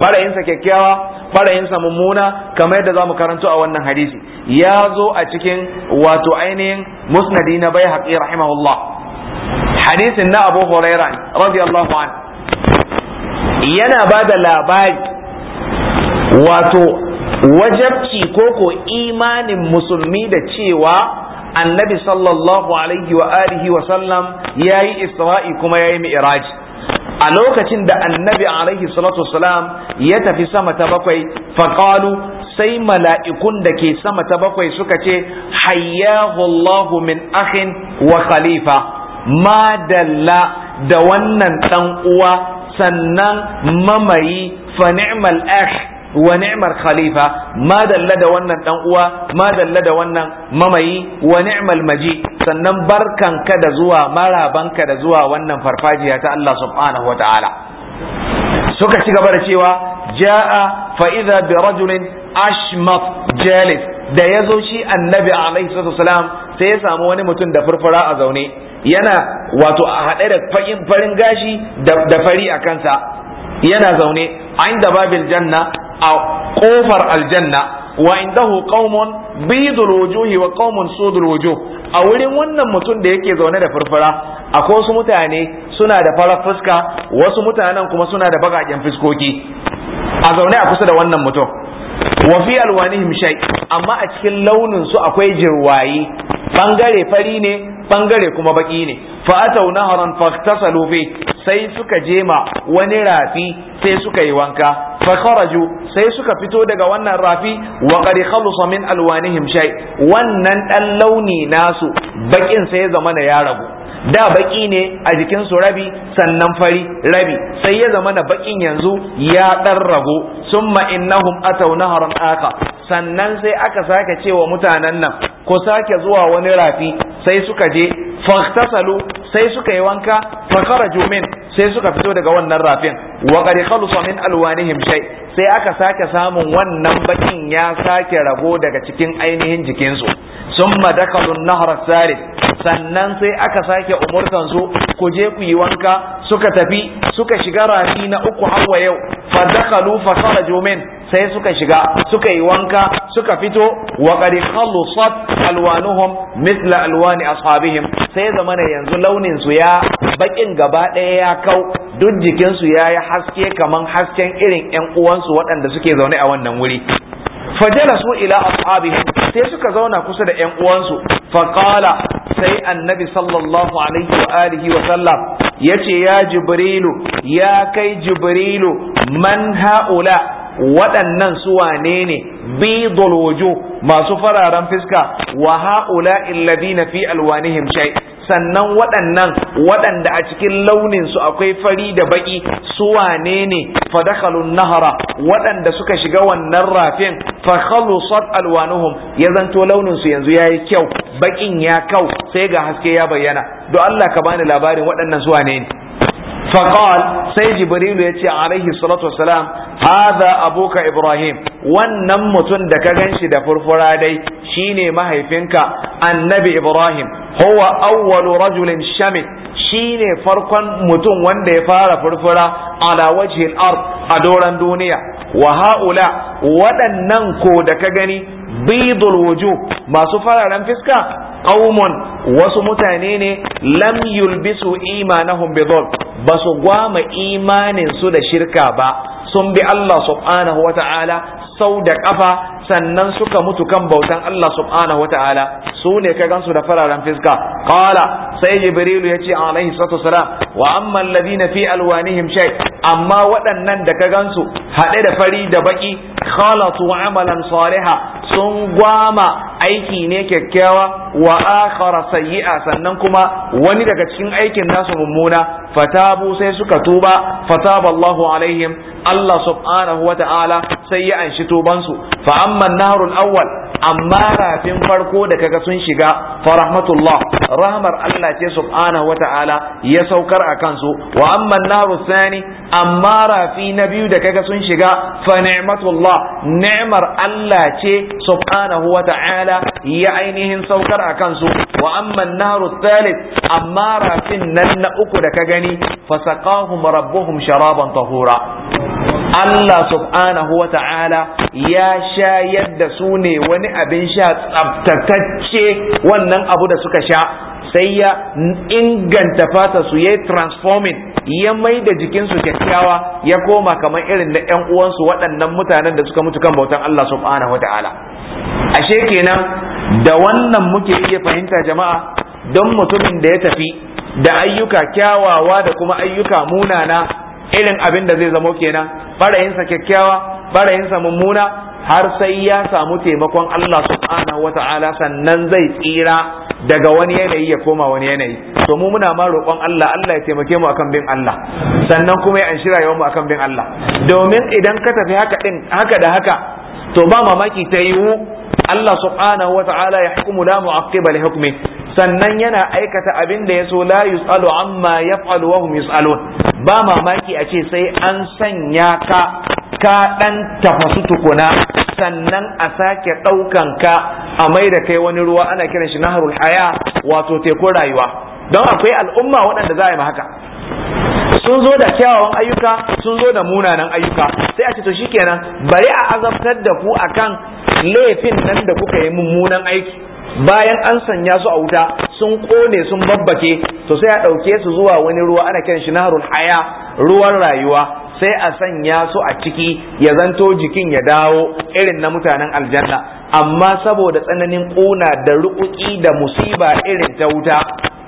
farayinsa kyakkyawa farayinsa mummuna kamar yadda zamu mu karanto a wannan hadisi ya zo a cikin wato ainihin musnadi na bai haƙi rahimahullah hadisin na abu huraira radiyallahu an yana ba da labari wato wajabci ko ko imanin musulmi da cewa annabi sallallahu alaihi wa alihi wa sallam yayi isra'i kuma yayi mi'raj a lokacin da annabi alaihi salatu ya tafi sama ta bakwai faqalu sai mala'ikun da ke sama ta bakwai suka ce hayyahu min akhin wa khalifa ma dalla da wannan dan uwa sannan mamayi fa ni'mal akh wa ni'mar khalifa ma dalla da wannan dan uwa ma dalla da wannan mamayi wa ni'mal maji sannan barkanka da zuwa marabanka da zuwa wannan farfajiya ta Allah subhanahu wa ta'ala suka ci gaba da cewa ja'a fa idza bi rajulin ashmat jalis da yazo shi annabi alaihi salatu wasalam sai ya samu wani mutum da furfura a zaune yana wato a haɗe da farin gashi da fari a kansa yana zaune a inda babil janna a kofar aljanna wa indahu qaumun bidul wujuhi wa qaumun sudul wujuh a wurin wannan mutum da yake zaune da furfura akwai wasu mutane suna da farar fuska wasu mutanen kuma suna da bagaken fuskoki a zaune a kusa da wannan mutum wa fi alwanihim shay amma a cikin launin su akwai jirwayi bangare fari ne bangare kuma baki ne fa atau naharan fahtasalu fi sai suka jema wani rafi sai suka yi wanka fa kharaju sai suka fito daga wannan rafi wa qad khalasa min alwanihim shay wannan dan launi nasu bakin sai ya zama ya ragu da baki ne a jikin su rabi sannan fari rabi sai ya zama na bakin yanzu ya dan rago summa innahum atauna naharan aka sannan sai aka sake cewa mutanen nan ko sake zuwa wani rafi sai suka je fahtasalu sai suka yi wanka fakharaju min sai suka fito daga wannan rafin wa qad khalusa min alwanihim shay sai aka sake samun wannan bakin ya sake rago daga cikin ainihin jikinsu sun dakalu an-nahra sannan sai aka sake umurtan su ku je ku yi wanka suka tafi suka shiga rafi na uku hawa yau fa dakalu fakharaju min sai suka shiga suka yi wanka suka fito wa qad khalsat alwanuhum mithla alwani ashabihim sai zamana yanzu launin su ya bakin gaba ɗaya ya kau duk jikin su yayi haske kaman hasken irin ƴan uwansu waɗanda suke zaune a wannan wuri fajalasu ila ashabihim sai suka zauna kusa da ƴan uwansu faqala sai annabi sallallahu alaihi wa alihi wa sallam yace ya jibrilu ya kai jibrilu man haula waɗannan su wanene ne bidul wujuh masu fararen fiska wa haula alladhina fi alwanihim shay sannan waɗannan waɗanda a cikin launin su akwai fari da baki su wane ne fadakhalun nahara waɗanda suka shiga wannan rafin fa khalusat alwanuhum ya zanto launin su yanzu yayi kyau bakin ya kau sai ga haske ya bayyana Do Allah ka bani labarin waɗannan su ne فقال سي جبريل يتي عليه الصلاة والسلام هذا أبوك إبراهيم wannan mutum da ka gan shi da furfura dai shine mahaifinka annabi Ibrahim huwa awwalu rajulin shamit shine farkon mutum wanda ya fara furfura ala wajhi al a doron duniya wa haula waɗannan ko da ka gani bidul wujuh masu fararen fiska qaumun wasu mutane ne lam yulbisu imanahum bi dhulm ba su gwama imanin su da shirka ba sun bi Allah subhanahu ta'ala sau da kafa sannan suka mutu kan bautan Allah subhanahu wataala su ne ka gansu da fararen fiska qala sai jibrilu yace alaihi salatu wasalam wa amma alladhina fi alwanihim shay amma waɗannan da ka gansu haɗe da fari da baki khalatu amalan saliha sun gwama aiki ne kyakkyawa wa akhara sayyi'a sannan kuma wani daga cikin aikin nasu mummuna fatabu sai suka tuba fataba Allahu alaihim Allah subhanahu wataala sai ya anshi tubansu fa amma naharul awwal amma rafin farko da kaga sun shiga fa rahmatullah rahmar Allah ce subhanahu wata'ala ya saukar a kansu wa amma naru thani amma rafi na biyu da kaga sun shiga fa ni'matullah ni'mar Allah ce subhanahu wata'ala ya ainihin saukar a kansu wa amma naru thalith amma rafin nan na uku da ka gani fa saqahum rabbuhum sharaban tahura Allah subhanahu wa ta'ala ya sha yadda su ne wani abin sha tsabtatacce wannan abu da suka sha sai ya inganta fata su ya transforming ya mai da jikinsu kyakkyawa ya koma kamar irin na 'yan uwansu waɗannan mutanen da suka mutu kan bautan Allah subhanahu wa ta'ala ashe kenan da wannan muke iya fahimta jama'a don mutumin da ya tafi da ayyuka kyawawa da kuma ayyuka munana irin abin da zai zamo kenan barayinsa kyakkyawa barayinsa mummuna har sai ya samu taimakon Allah subhanahu wata'ala sannan zai tsira daga wani yanayi ya koma wani yanayi to mu muna ma roƙon Allah Allah ya taimake mu akan bin Allah sannan kuma ya anshi rayuwar mu akan bin Allah domin idan ka tafi haka din haka da haka to ba mamaki ta yiwu Allah subhanahu wata'ala ya hukumu la mu'aqqiba li hukmi sannan yana aikata abin da ya so la yusalu amma yaf'alu wa hum yusalun ba mamaki a ce sai an sanya ka ka dan tafasu tukuna sannan a sake daukan ka a mai da kai wani ruwa ana kiran shi naharul haya wato tekun rayuwa don akwai al'umma waɗanda za a yi haka sun zo da kyawawan ayyuka sun zo da munanan ayyuka sai a ce to shikenan bari a azabtar da ku akan laifin nan da kuka yi mummunan aiki bayan an sanya su a wuta sun kone sun babbake to sai a ɗauke su zuwa wani ruwa ana kiran shi naharul haya ruwan rayuwa sai a sanya su a ciki ya zanto jikin ya dawo irin na mutanen aljanna amma saboda tsananin ƙuna da ruƙuƙi da musiba irin ta wuta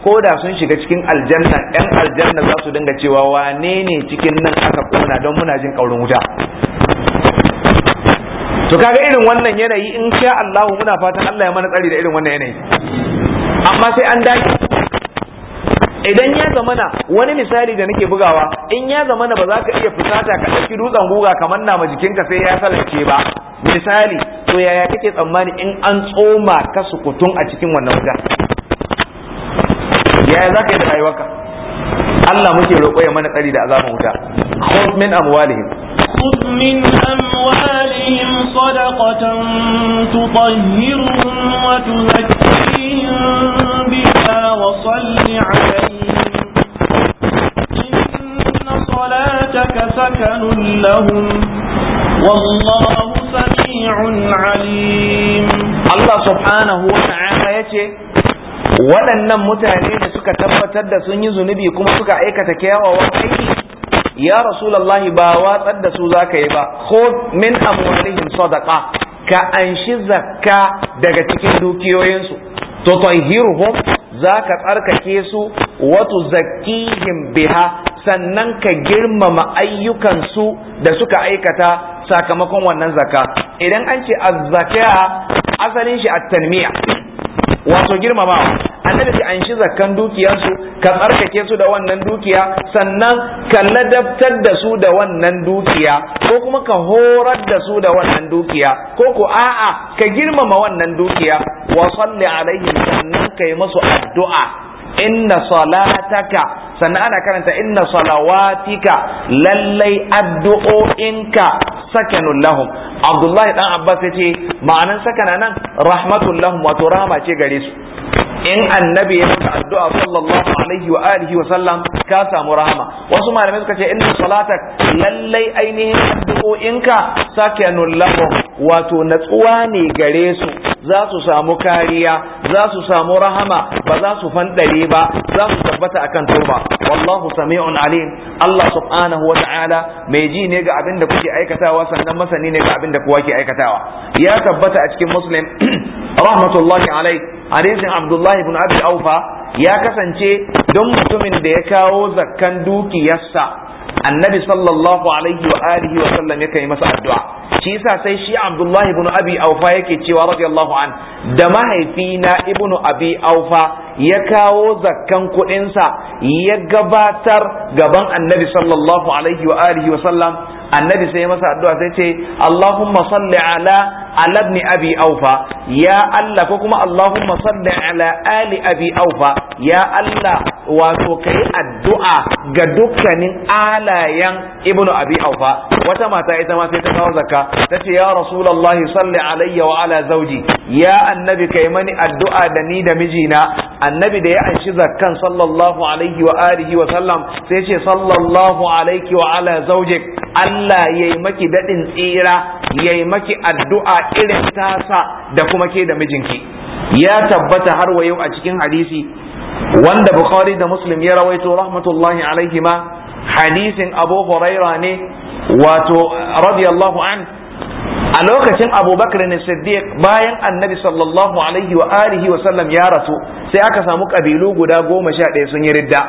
ko da sun shiga cikin aljanna ɗan aljanna za su dinga cewa wane ne cikin nan aka ƙona don muna jin ƙaurin wuta to kaga irin wannan yanayi in sha Allah muna fatan Allah ya mana tsari da irin wannan yanayi amma sai an dace idan ya zamana wani misali da nake bugawa in ya zamana ba za ka iya fusata ka ɗauki dutsen guga kamar nama jikinka sai ya salace ba misali to yaya kake tsammani in an tsoma ka sukutun a cikin wannan wajen yaya za ka yi da rayuwarka Allah muke roƙo ya mana tsari da azaban wuta khudh min amwalihim khudh min amwalihim sadaqatan tutahhiruhum wa tuzakkihim biha wa salli inna salataka sakanun lahum wallahu sami'un alim Allah subhanahu wa ta'ala yace waɗannan mutane da suka tabbatar da sun yi zunubi kuma suka aikata kyawawan aiki ya rasulullahi ba watsar da su zaka yi ba Ko min amwalihim sadaqa ka anshi zakka daga cikin dukiyoyinsu to tahirhum zaka tsarkake su wa tuzakkihim biha sannan ka girmama ayyukansu da suka aikata sakamakon wannan zaka idan an ce azzaka asalin shi at-tanmiya wato girmamawa annabi ki anshi zakkan dukiyarsu ka tsarkake su da wannan dukiya sannan ka ladabtar da su da wannan dukiya ko kuma ka horar da su da wannan dukiya ko ko a'a ka girmama wannan dukiya wa salli alaihim sannan kai masu addu'a inna salataka sannan ana karanta inna salawatika lallai addu'o'inka sakanun lahum abdullahi dan abbas yace ma'anan sakana nan rahmatul lahum wato rahama ce gare su in annabi ya maka addu'a sallallahu alaihi wa alihi wa sallam ka samu rahama wasu malamai suka ce inna salatak lallai ainihin addu'o'inka sakanun lahum wato natsuwa ne gare su za su samu kariya za su samu rahama ba za su fandare ba za su tabbata akan toba wallahu sami'un alim Allah subhanahu wa ta'ala mai ji ne ga abin da kuke aikatawa sannan masani ne ga abin da kowa ke aikatawa ya tabbata a cikin muslim rahmatullahi alai hadisin abdullahi ibn abi aufa ya kasance don mutumin da ya kawo zakkan dukiyarsa annabi sallallahu alaihi wa alihi wa sallam yake yi masa addu'a shi yasa sai shi Abdullah ibn Abi Aufa yake cewa radiyallahu an da mahaifina ibn Abi Aufa ya kawo zakkan kuɗinsa ya gabatar gaban annabi sallallahu alaihi wa alihi wa sallam annabi sai masa addu'a sai ce Allahumma salli ala ala ibn abi aufa ya Allah ko kuma Allahumma salli ala ali abi aufa ya Allah wato kai addu'a ga dukkanin ala halayen ibnu abi aufa wata mata ita ma sai ta kawo zakka ce ya rasulullahi salli alayya wa ala zauji ya annabi kai mani addu'a da ni da mijina annabi da ya anshi zakkan sallallahu alaihi wa alihi wa sallam sai ce sallallahu alaihi wa ala zaujik Allah yayi maki dadin tsira yayi maki addu'a irin tasa da kuma ke da mijinki ya tabbata har wa yau a cikin hadisi wanda bukhari da muslim ya rawaito rahmatullahi alaihima hadisin abu huraira ne wato radiyallahu an a lokacin abubakar ne siddiq bayan annabi sallallahu alaihi wa alihi wa sallam ya rasu sai aka samu kabilu guda goma sha ɗaya sun yi ridda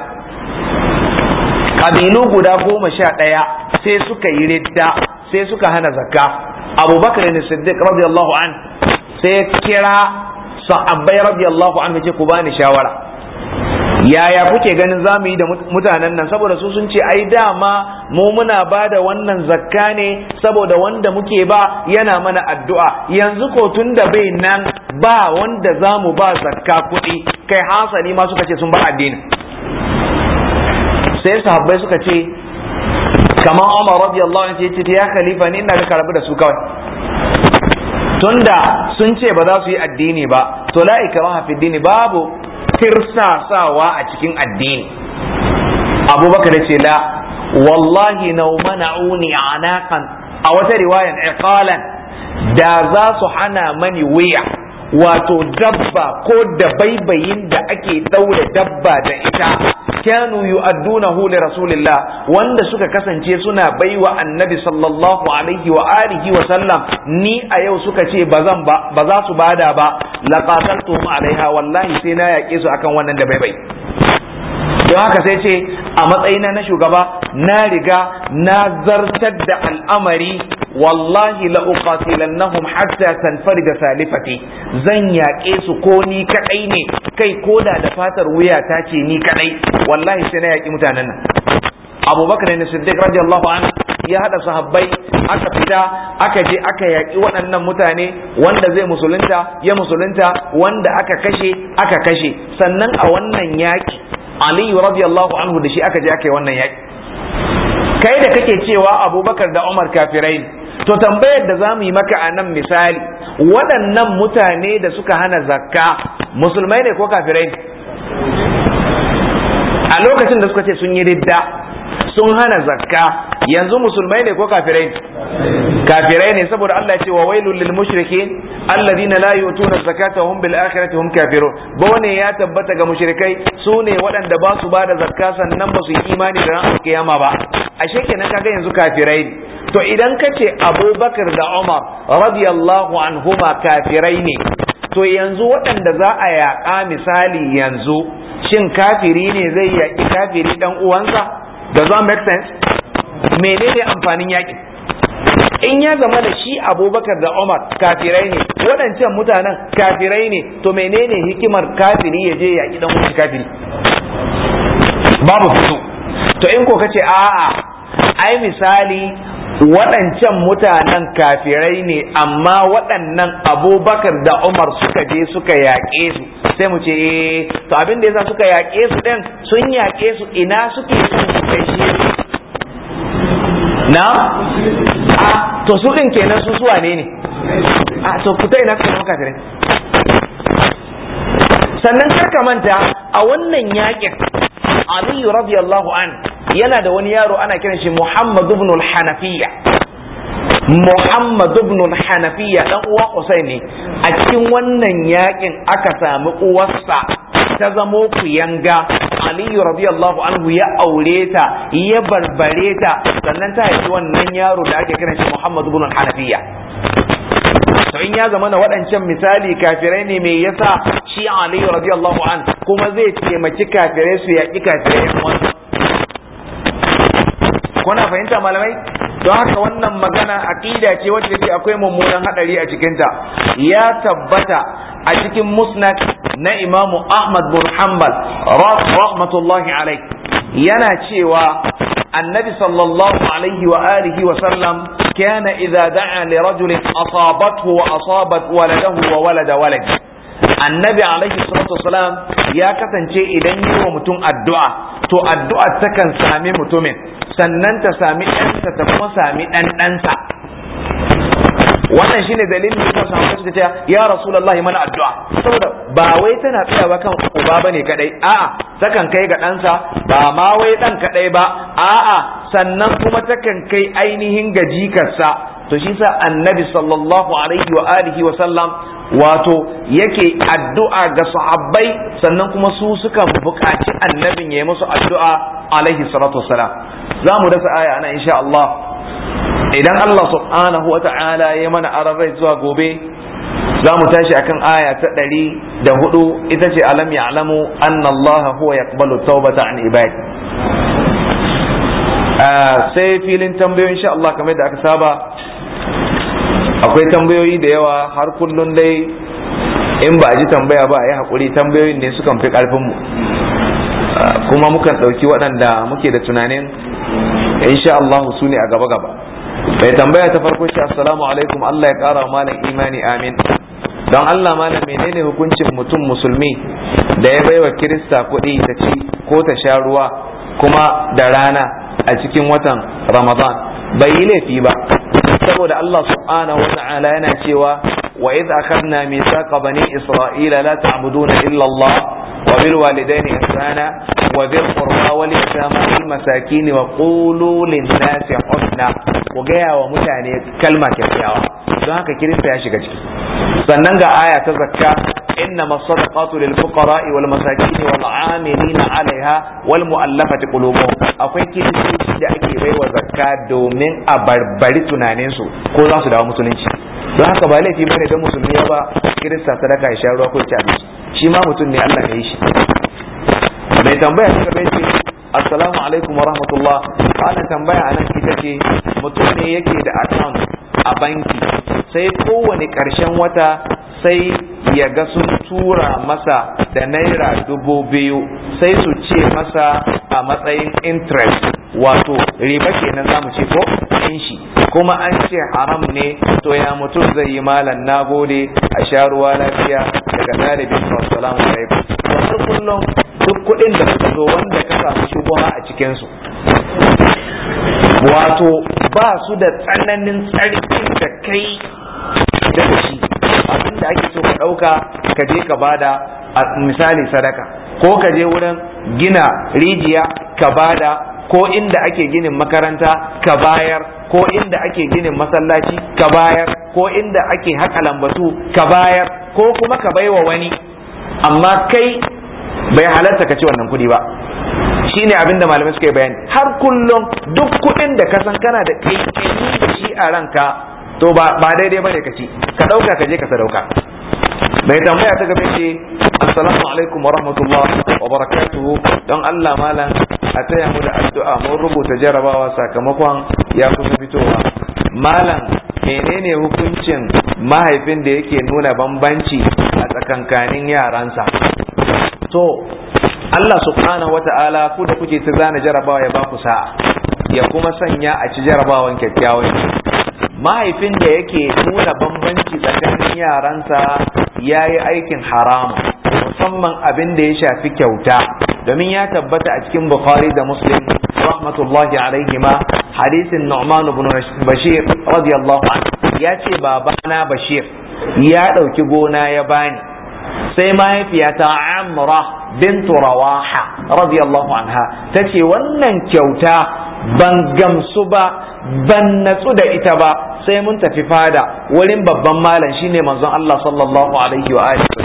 kabilu guda goma sha ɗaya sai suka yi ridda sai suka hana zakka abubakar ne siddiq radiyallahu an sai kira sahabbai radiyallahu anhu ce ku bani shawara yaya kuke ganin zamuyi yi da mutanen nan saboda su sun ce ai dama mu muna ba da wannan zakka ne saboda wanda muke ba yana mana addu'a yanzu ko tun da bai nan ba wanda za mu ba zakka kuɗi kai hasali ma suka ce sun ba addini sai sahabbai suka ce kamar Umar radiyallahu anhu yace ya khalifa ni ina ka da su kawai tunda sun ce ba za su yi addini ba to la fi dini babu tirsasawa a cikin addini abubakar ce la wallahi na mana'uni anakan a wata riwayan iqalan da za su hana mani wuya wato dabba ko da baibayin da ake daure dabba da ita kanu adduna huli rasulillah wanda suka kasance suna baiwa annabi sallallahu alaihi wa alihi wa sallam ni a yau suka ce bazan ba ba za su bada ba laqataltuhum alaiha wallahi sai na yake su akan wannan da bai bai don haka sai ce a matsayina na shugaba na riga na zartar da al'amari wallahi la uqatilannahum hatta tanfarida salifati zan yaƙe su ko ni kadai ne kai koda da fatar wuya ta ce ni kadai wallahi sai na yaƙi mutanen nan abubakar ne siddiq radiyallahu anhu ya hada sahabbai aka fita aka je aka yaƙi waɗannan mutane wanda zai musulunta ya musulunta wanda aka kashe aka kashe sannan a wannan yaƙi ali radiyallahu anhu da shi aka je aka yi wannan yaki kai da kake cewa abubakar da umar kafirai to tambayar da za yi maka a nan misali waɗannan mutane da suka hana zakka musulmai ne ko kafirai a lokacin da suka ce sun yi ridda sun hana zakka yanzu musulmai ne ko kafirai kafirai ne saboda Allah ya ce wa wailul lil mushrikin alladhina la yu'tuna zakata hum bil akhirati hum kafirun bawane ya tabbata ga mushrikai su ne waɗanda ba su bada zakka sannan ba su yi imani da ran kiyama ba ashe kenan kaga yanzu kafirai ne to idan kace Abubakar da Umar radiyallahu anhuma kafirai ne to yanzu waɗanda za a yaƙa misali yanzu shin kafiri ne zai yaƙi kafiri dan uwansa does that make sense menene amfanin yaƙin in ya zama da shi abubakar da umar kafirai ne waɗancan mutanen kafirai ne to menene hikimar kafiri ya je ya idan wani kafiri babu fito to in ko kace a'a ai misali waɗancan mutanen kafirai ne amma waɗannan abubakar da umar suka je suka yaƙe su sai mu ce eh, to abin da yasa suka yaƙe su ɗin sun yaƙe su ina suke son su kai shi na a to su din kenan su suwa ne ne a to ku ina ka sannan kar ka manta a wannan yakin aliyu radiyallahu an yana da wani yaro ana kiran shi muhammad ibn al-hanafiya muhammad ibn al-hanafiya dan uwa Usaini a cikin wannan yakin aka samu uwarsa ta zamo ku yanga aliyu radiyallahu anhu ya aure ta ya barbare ta sannan ta haifi wannan yaro da ake kiran shi muhammadu bin hanafiya to in ya zama na waɗancan misali kafirai ne me yasa shi aliyu radiyallahu an kuma zai taimaki kafirai su yaƙi kafirai yan kuna fahimta malamai don haka wannan magana aƙida ce wacce take akwai mummunan haɗari a cikinta ya tabbata a cikin musnad na imamu ahmad bin hanbal rahmatullahi yana cewa annabi sallallahu alaihi wa alihi wa sallam kana idza da'a li rajulin asabathu wa asabat waladahu wa walada walad annabi alaihi salatu wasalam ya kasance idan yi wa mutum addu'a to addu'a takan sami mutumin sannan ta sami ɗansa ta kuma sami ɗanɗansa wannan shine dalilin da yasa sahabbai suka ta ya rasulullahi mana addu'a saboda ba wai tana tsayawa kan uba bane kadai a'a takan kai ga ɗansa ba ma wai ɗan kadai ba a'a sannan kuma takan kai ainihin ga jikarsa to shi sa annabi sallallahu alaihi wa alihi wa sallam wato yake addu'a ga sahabbai sannan kuma su suka buƙaci annabin ya yi musu addu'a alaihi salatu wassalam za mu dasa aya ana insha Allah idan Allah subhanahu wa ta'ala ya mana arabai zuwa gobe za mu tashi akan aya ta ɗari da hudu ita ce alam alamu anna Allah huwa yaqbalu taubata an ibadi ah, sai filin tambayoyin sha Allah kamar da aka saba akwai tambayoyi da yawa har kullum dai in ba a ji tambaya ba a yi haƙuri tambayoyin ne sukan fi ƙarfinmu ah, kuma mukan ɗauki waɗanda muke da tunanin sha Allah su ne a gaba-gaba mai tambaya ta farko ce assalamu alaikum Allah ya kara malam imani amin don Allah malam menene hukuncin mutum musulmi da ya baiwa kirista kuɗi ta ci ko ta sha ruwa kuma da rana a cikin watan ramadan bai yi laifi ba saboda Allah subhanahu wa ta'ala yana cewa wa idh akhadna mithaqa bani isra'ila la ta'buduna illa Allah wa bil walidayni ihsana وذي القربى واليتامى والمساكين وقولوا للناس حسنا وجاء ومتعني كلمة كفيها don haka kirista ya shiga ciki sannan ga aya ta zakka inna masadaqatu lil fuqara'i wal masakin wal 'amilina 'alayha wal mu'allafati qulubuhum akwai kiristoci da ake baiwa zakka domin a barbari tunaninsu ko za su dawo musulunci don haka ba laifi bane da musulmi ba kirista sadaka ya sha ruwa ko shi ma mutum ne Allah ya yi shi tambaya ta gaba ce assalamu alaikum wa rahmatullah ana tambaya anan ita ce mutum ne yake da account a banki sai kowane karshen wata sai ya ga sun tura masa da naira dubu biyu sai su ce masa a matsayin interest wato riba kenan zamu ce ko in shi kuma an ce haram ne to ya mutum zai yi malam nagode a sha ruwa lafiya daga ɗalibin assalamu alaikum wasu kullum duk kuɗin da suka zo wanda ka samu shubuha a cikinsu wato ba su da tsananin tsarkin da kai da shi abin da ake so ka ɗauka ka je ka bada misali sadaka ko ka je wurin gina rijiya ka bada ko inda ake ginin makaranta ka bayar ko inda ake ginin masallaci ka bayar ko inda ake haka lambatu ka bayar ko kuma ka baiwa wani amma kai bai halarta ka ci wannan kuɗi ba shine abin da malamai suka yi bayani har kullum duk kuɗin da ka san kana da ƙinƙini da shi a ranka to ba daidai ba ne ka ci ka ɗauka ka je ka sadauka mai tambaya ta gaba ce assalamu alaikum wa rahmatullah wa barakatuhu don Allah malam a taya mu da addu'a mun rubuta jarabawa sakamakon ya kusa fitowa malam menene hukuncin mahaifin da yake nuna bambanci a tsakankanin yaransa to Allah subhanahu wata'ala ku da kuke ta zana jarabawa ya baku sa'a ya kuma sanya a ci jarabawan kyakkyawan mahaifin da yake nuna bambanci tsakanin yaransa ya yi aikin haramu musamman abin da ya shafi kyauta domin ya tabbata a cikin bukhari da muslim rahmatullahi ma hadisin nu'man ibn bashir radiyallahu anhu ya ce babana bashir ya ɗauki gona ya bani sai mahaifiyata amra bintu rawaha radiyallahu anha ta wannan kyauta ban gamsu ba ban natsu da ita ba sai mun tafi fada wurin babban malam shine manzon Allah sallallahu alaihi wa alihi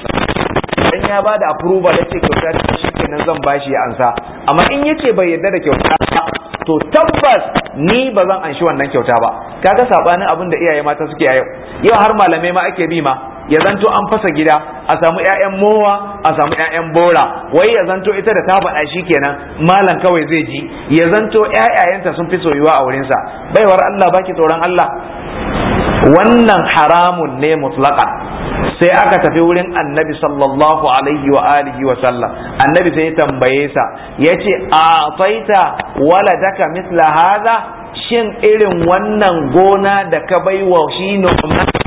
dan ya bada approval yace kyauta ta shikenan zan bashi ya ansa amma in yace bai yarda da kyauta to tabbas ni ba zan anshi wannan kyauta ba kaga sabanin abin da iyaye mata suke a yau yau har malamai ma ake bi ma ya zanto an fasa gida a samu ƴaƴan mowa a samu ƴaƴan bora wai ya zanto ita da ta faɗa shi kenan malam kawai zai ji ya zanto ƴaƴayenta sun fi soyuwa a wurinsa baiwar Allah baki tsoron Allah wannan haramun ne mutlaka sai aka tafi wurin annabi sallallahu alaihi wa alihi wa sallam annabi sai ya tambaye sa yace a taita waladaka mithla hadha shin irin wannan gona da ka baiwa shi Nu'man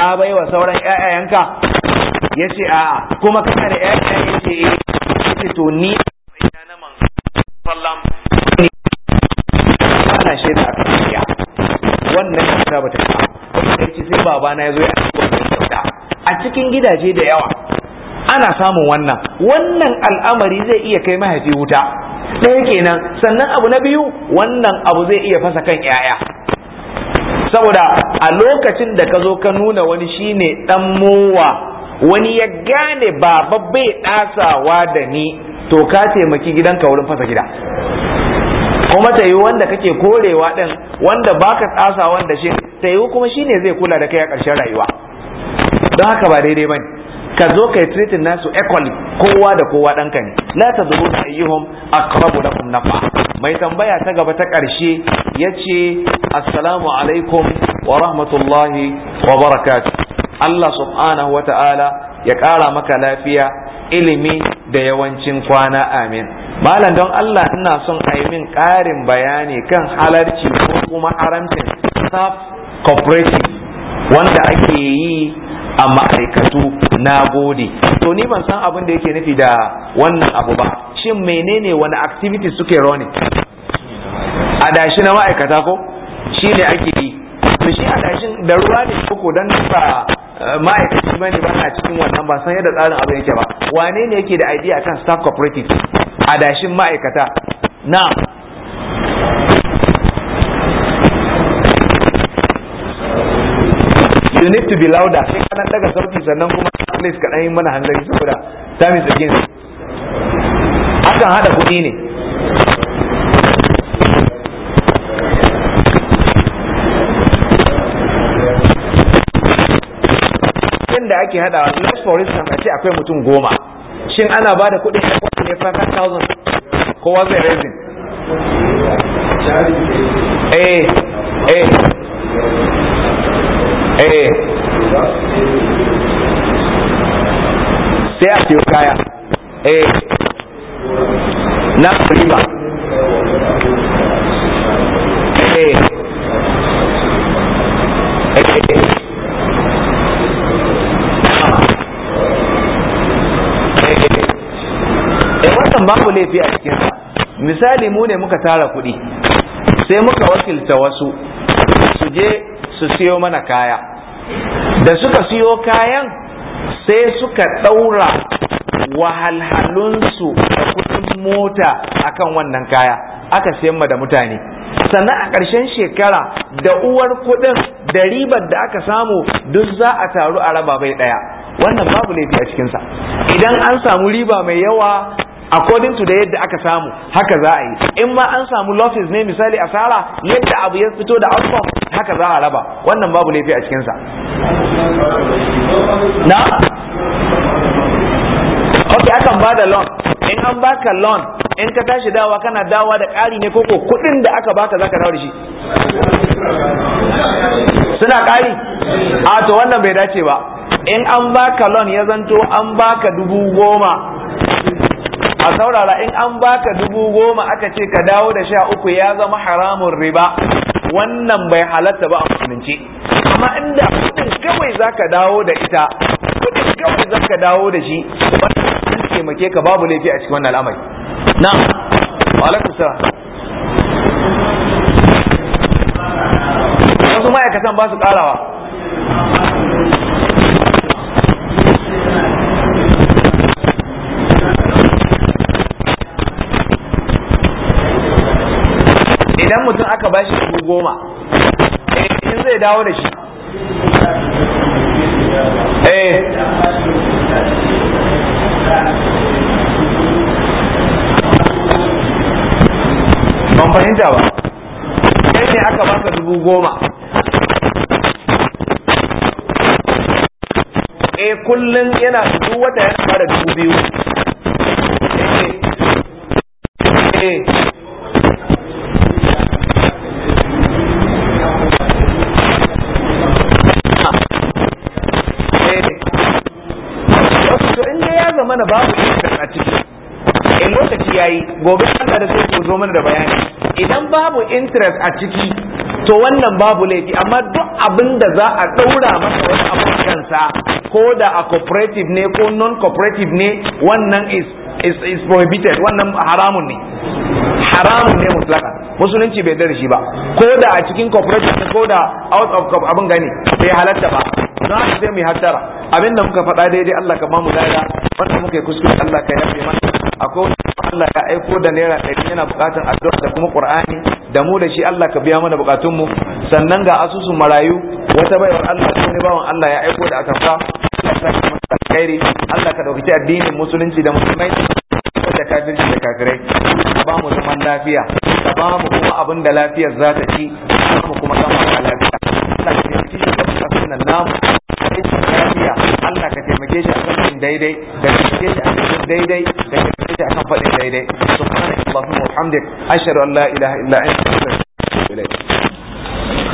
ka bai wa sauran ƴaƴayenka ya ce a'a kuma kana da 'ya'ya ya ce eh. ya ce to ni na manzo sallam ana wannan ba ta kuma ya ce sai babana ya zo ya aiki wannan kyauta a cikin gidaje da yawa ana samun wannan wannan al'amari zai iya kai mahaifi wuta ɗaya kenan sannan abu na biyu wannan abu zai iya fasa kan 'ya'ya saboda a lokacin da ka zo ka nuna wani shine dan mowa wani ya gane baba bai ɗasawa da ni to ka taimaki gidanka wurin fasa gida kuma ta yi wanda kake korewa ɗin wanda baka tsasa wanda shi ta yi kuma ne zai kula da kai a ƙarshen rayuwa don haka ba daidai bane ka zo kai treating nasu equally kowa da kowa ɗanka ne la tadruna ayyuhum aqrabu lakum nafa mai tambaya ta gaba ta ƙarshe yace assalamu alaikum wa rahmatullahi wa barakatuh Allah subhanahu wa ta'ala ya ƙara maka lafiya ilimi da yawancin kwana amin malam don Allah ina son a yi min ƙarin bayani kan halarci ko kuma haramcin staff cooperative wanda ake yi a ma'aikatu na gode to ni ban san abin da yake nufi da wannan abu ba shin menene wani activity suke running dashi na ma'aikata ko shi ne ake yi to shi a dashin da ruwa ne ko dan nufa eh, ma'aikaci ba ne ba na cikin wannan ba san yadda tsarin abin yake ba wane ne yake da idea kan staff cooperative adashin ma'aikata na you need to be louder sai kana daga sauti sannan kuma please ka dan yi mana hanzari saboda time is against akan hada kuɗi ne da ake hadawa let's for instance a ce akwai mutum goma shin ana bada kudi kuɗin for kwanan ne 5,000 kowa zai raising eh eh E na riba eh. eh. babu laifi a cikin misali mu ne muka tara kuɗi sai muka wakilta wasu su je su siyo mana kaya da suka siyo kayan sai suka ɗaura wahalhalunsu da kudin mota akan wannan kaya aka siyan ma da mutane sannan a ƙarshen shekara da uwar kudin da ribar da aka samu duk za a taru a raba bai ɗaya wannan babu laifi a cikinsa idan an samu riba mai yawa according to da yadda aka samu haka za a yi in ma an samu losses ne misali asara yadda abu ya fito da outcome haka za a raba wannan babu laifi a cikinsa na ake akan ba da loan in an baka loan in ka tashi dawa kana dawa da ƙari ne koko kuɗin da aka baka ka dawo da shi suna ƙari a to wannan bai dace ba in an baka loan ya zanto an baka dubu goma a saurara in an baka dubu goma aka ce ka dawo da sha uku ya zama haramun riba wannan bai halatta ba a musulunci amma inda kudin kawai za ka dawo da ita kudin kawai za ka dawo da shi wannan taimake ka babu laifi a cikin wannan al'amari na alaikum salam wasu ma'aikatan ba su karawa idan mutum aka ba shi dubu goma eh, in zai dawo da shi eh, fahimta ba kai ne aka baka dubu goma eh, kullum yana dubu wata yana bada dubu biyu eh. Eh. babu a ciki in lokaci yayi gobe Allah da zai zo mana da bayani idan babu interest a ciki to wannan babu laifi amma duk abin da za a ɗaura masa wani abu kansa ko da a cooperative ne ko non cooperative ne wannan is is, is prohibited wannan haramun ne haramun ne mutlaka musulunci bai dare shi ba ko da a cikin cooperative ne ko da out of abin gani bai halatta ba za a sai mu hattara abin da muka faɗa daidai Allah ka ba mu daida wanda muka yi kuskure Allah ka yafe mana akwai Allah ya aiko da naira ɗari yana buƙatar addu'a da kuma Qur'ani da mu da shi Allah ka biya mana buƙatunmu sannan ga asusun marayu wata baiwar Allah ko ne bawan Allah ya aiko da aka Allah ka Allah ka dauki addinin musulunci da musulmai da kafirci da kafirai ka ba mu zaman lafiya ka ba mu kuma abin da lafiyar za ta ci ka ba mu kuma zama lafiya Allah ka yi shi da kasan nan namu lafiya cace shi akan yin daidai da cace shi akan yin daidai da cace shi akan faɗin daidai subhanaka allahumma wa ashhadu an la ilaha illa anta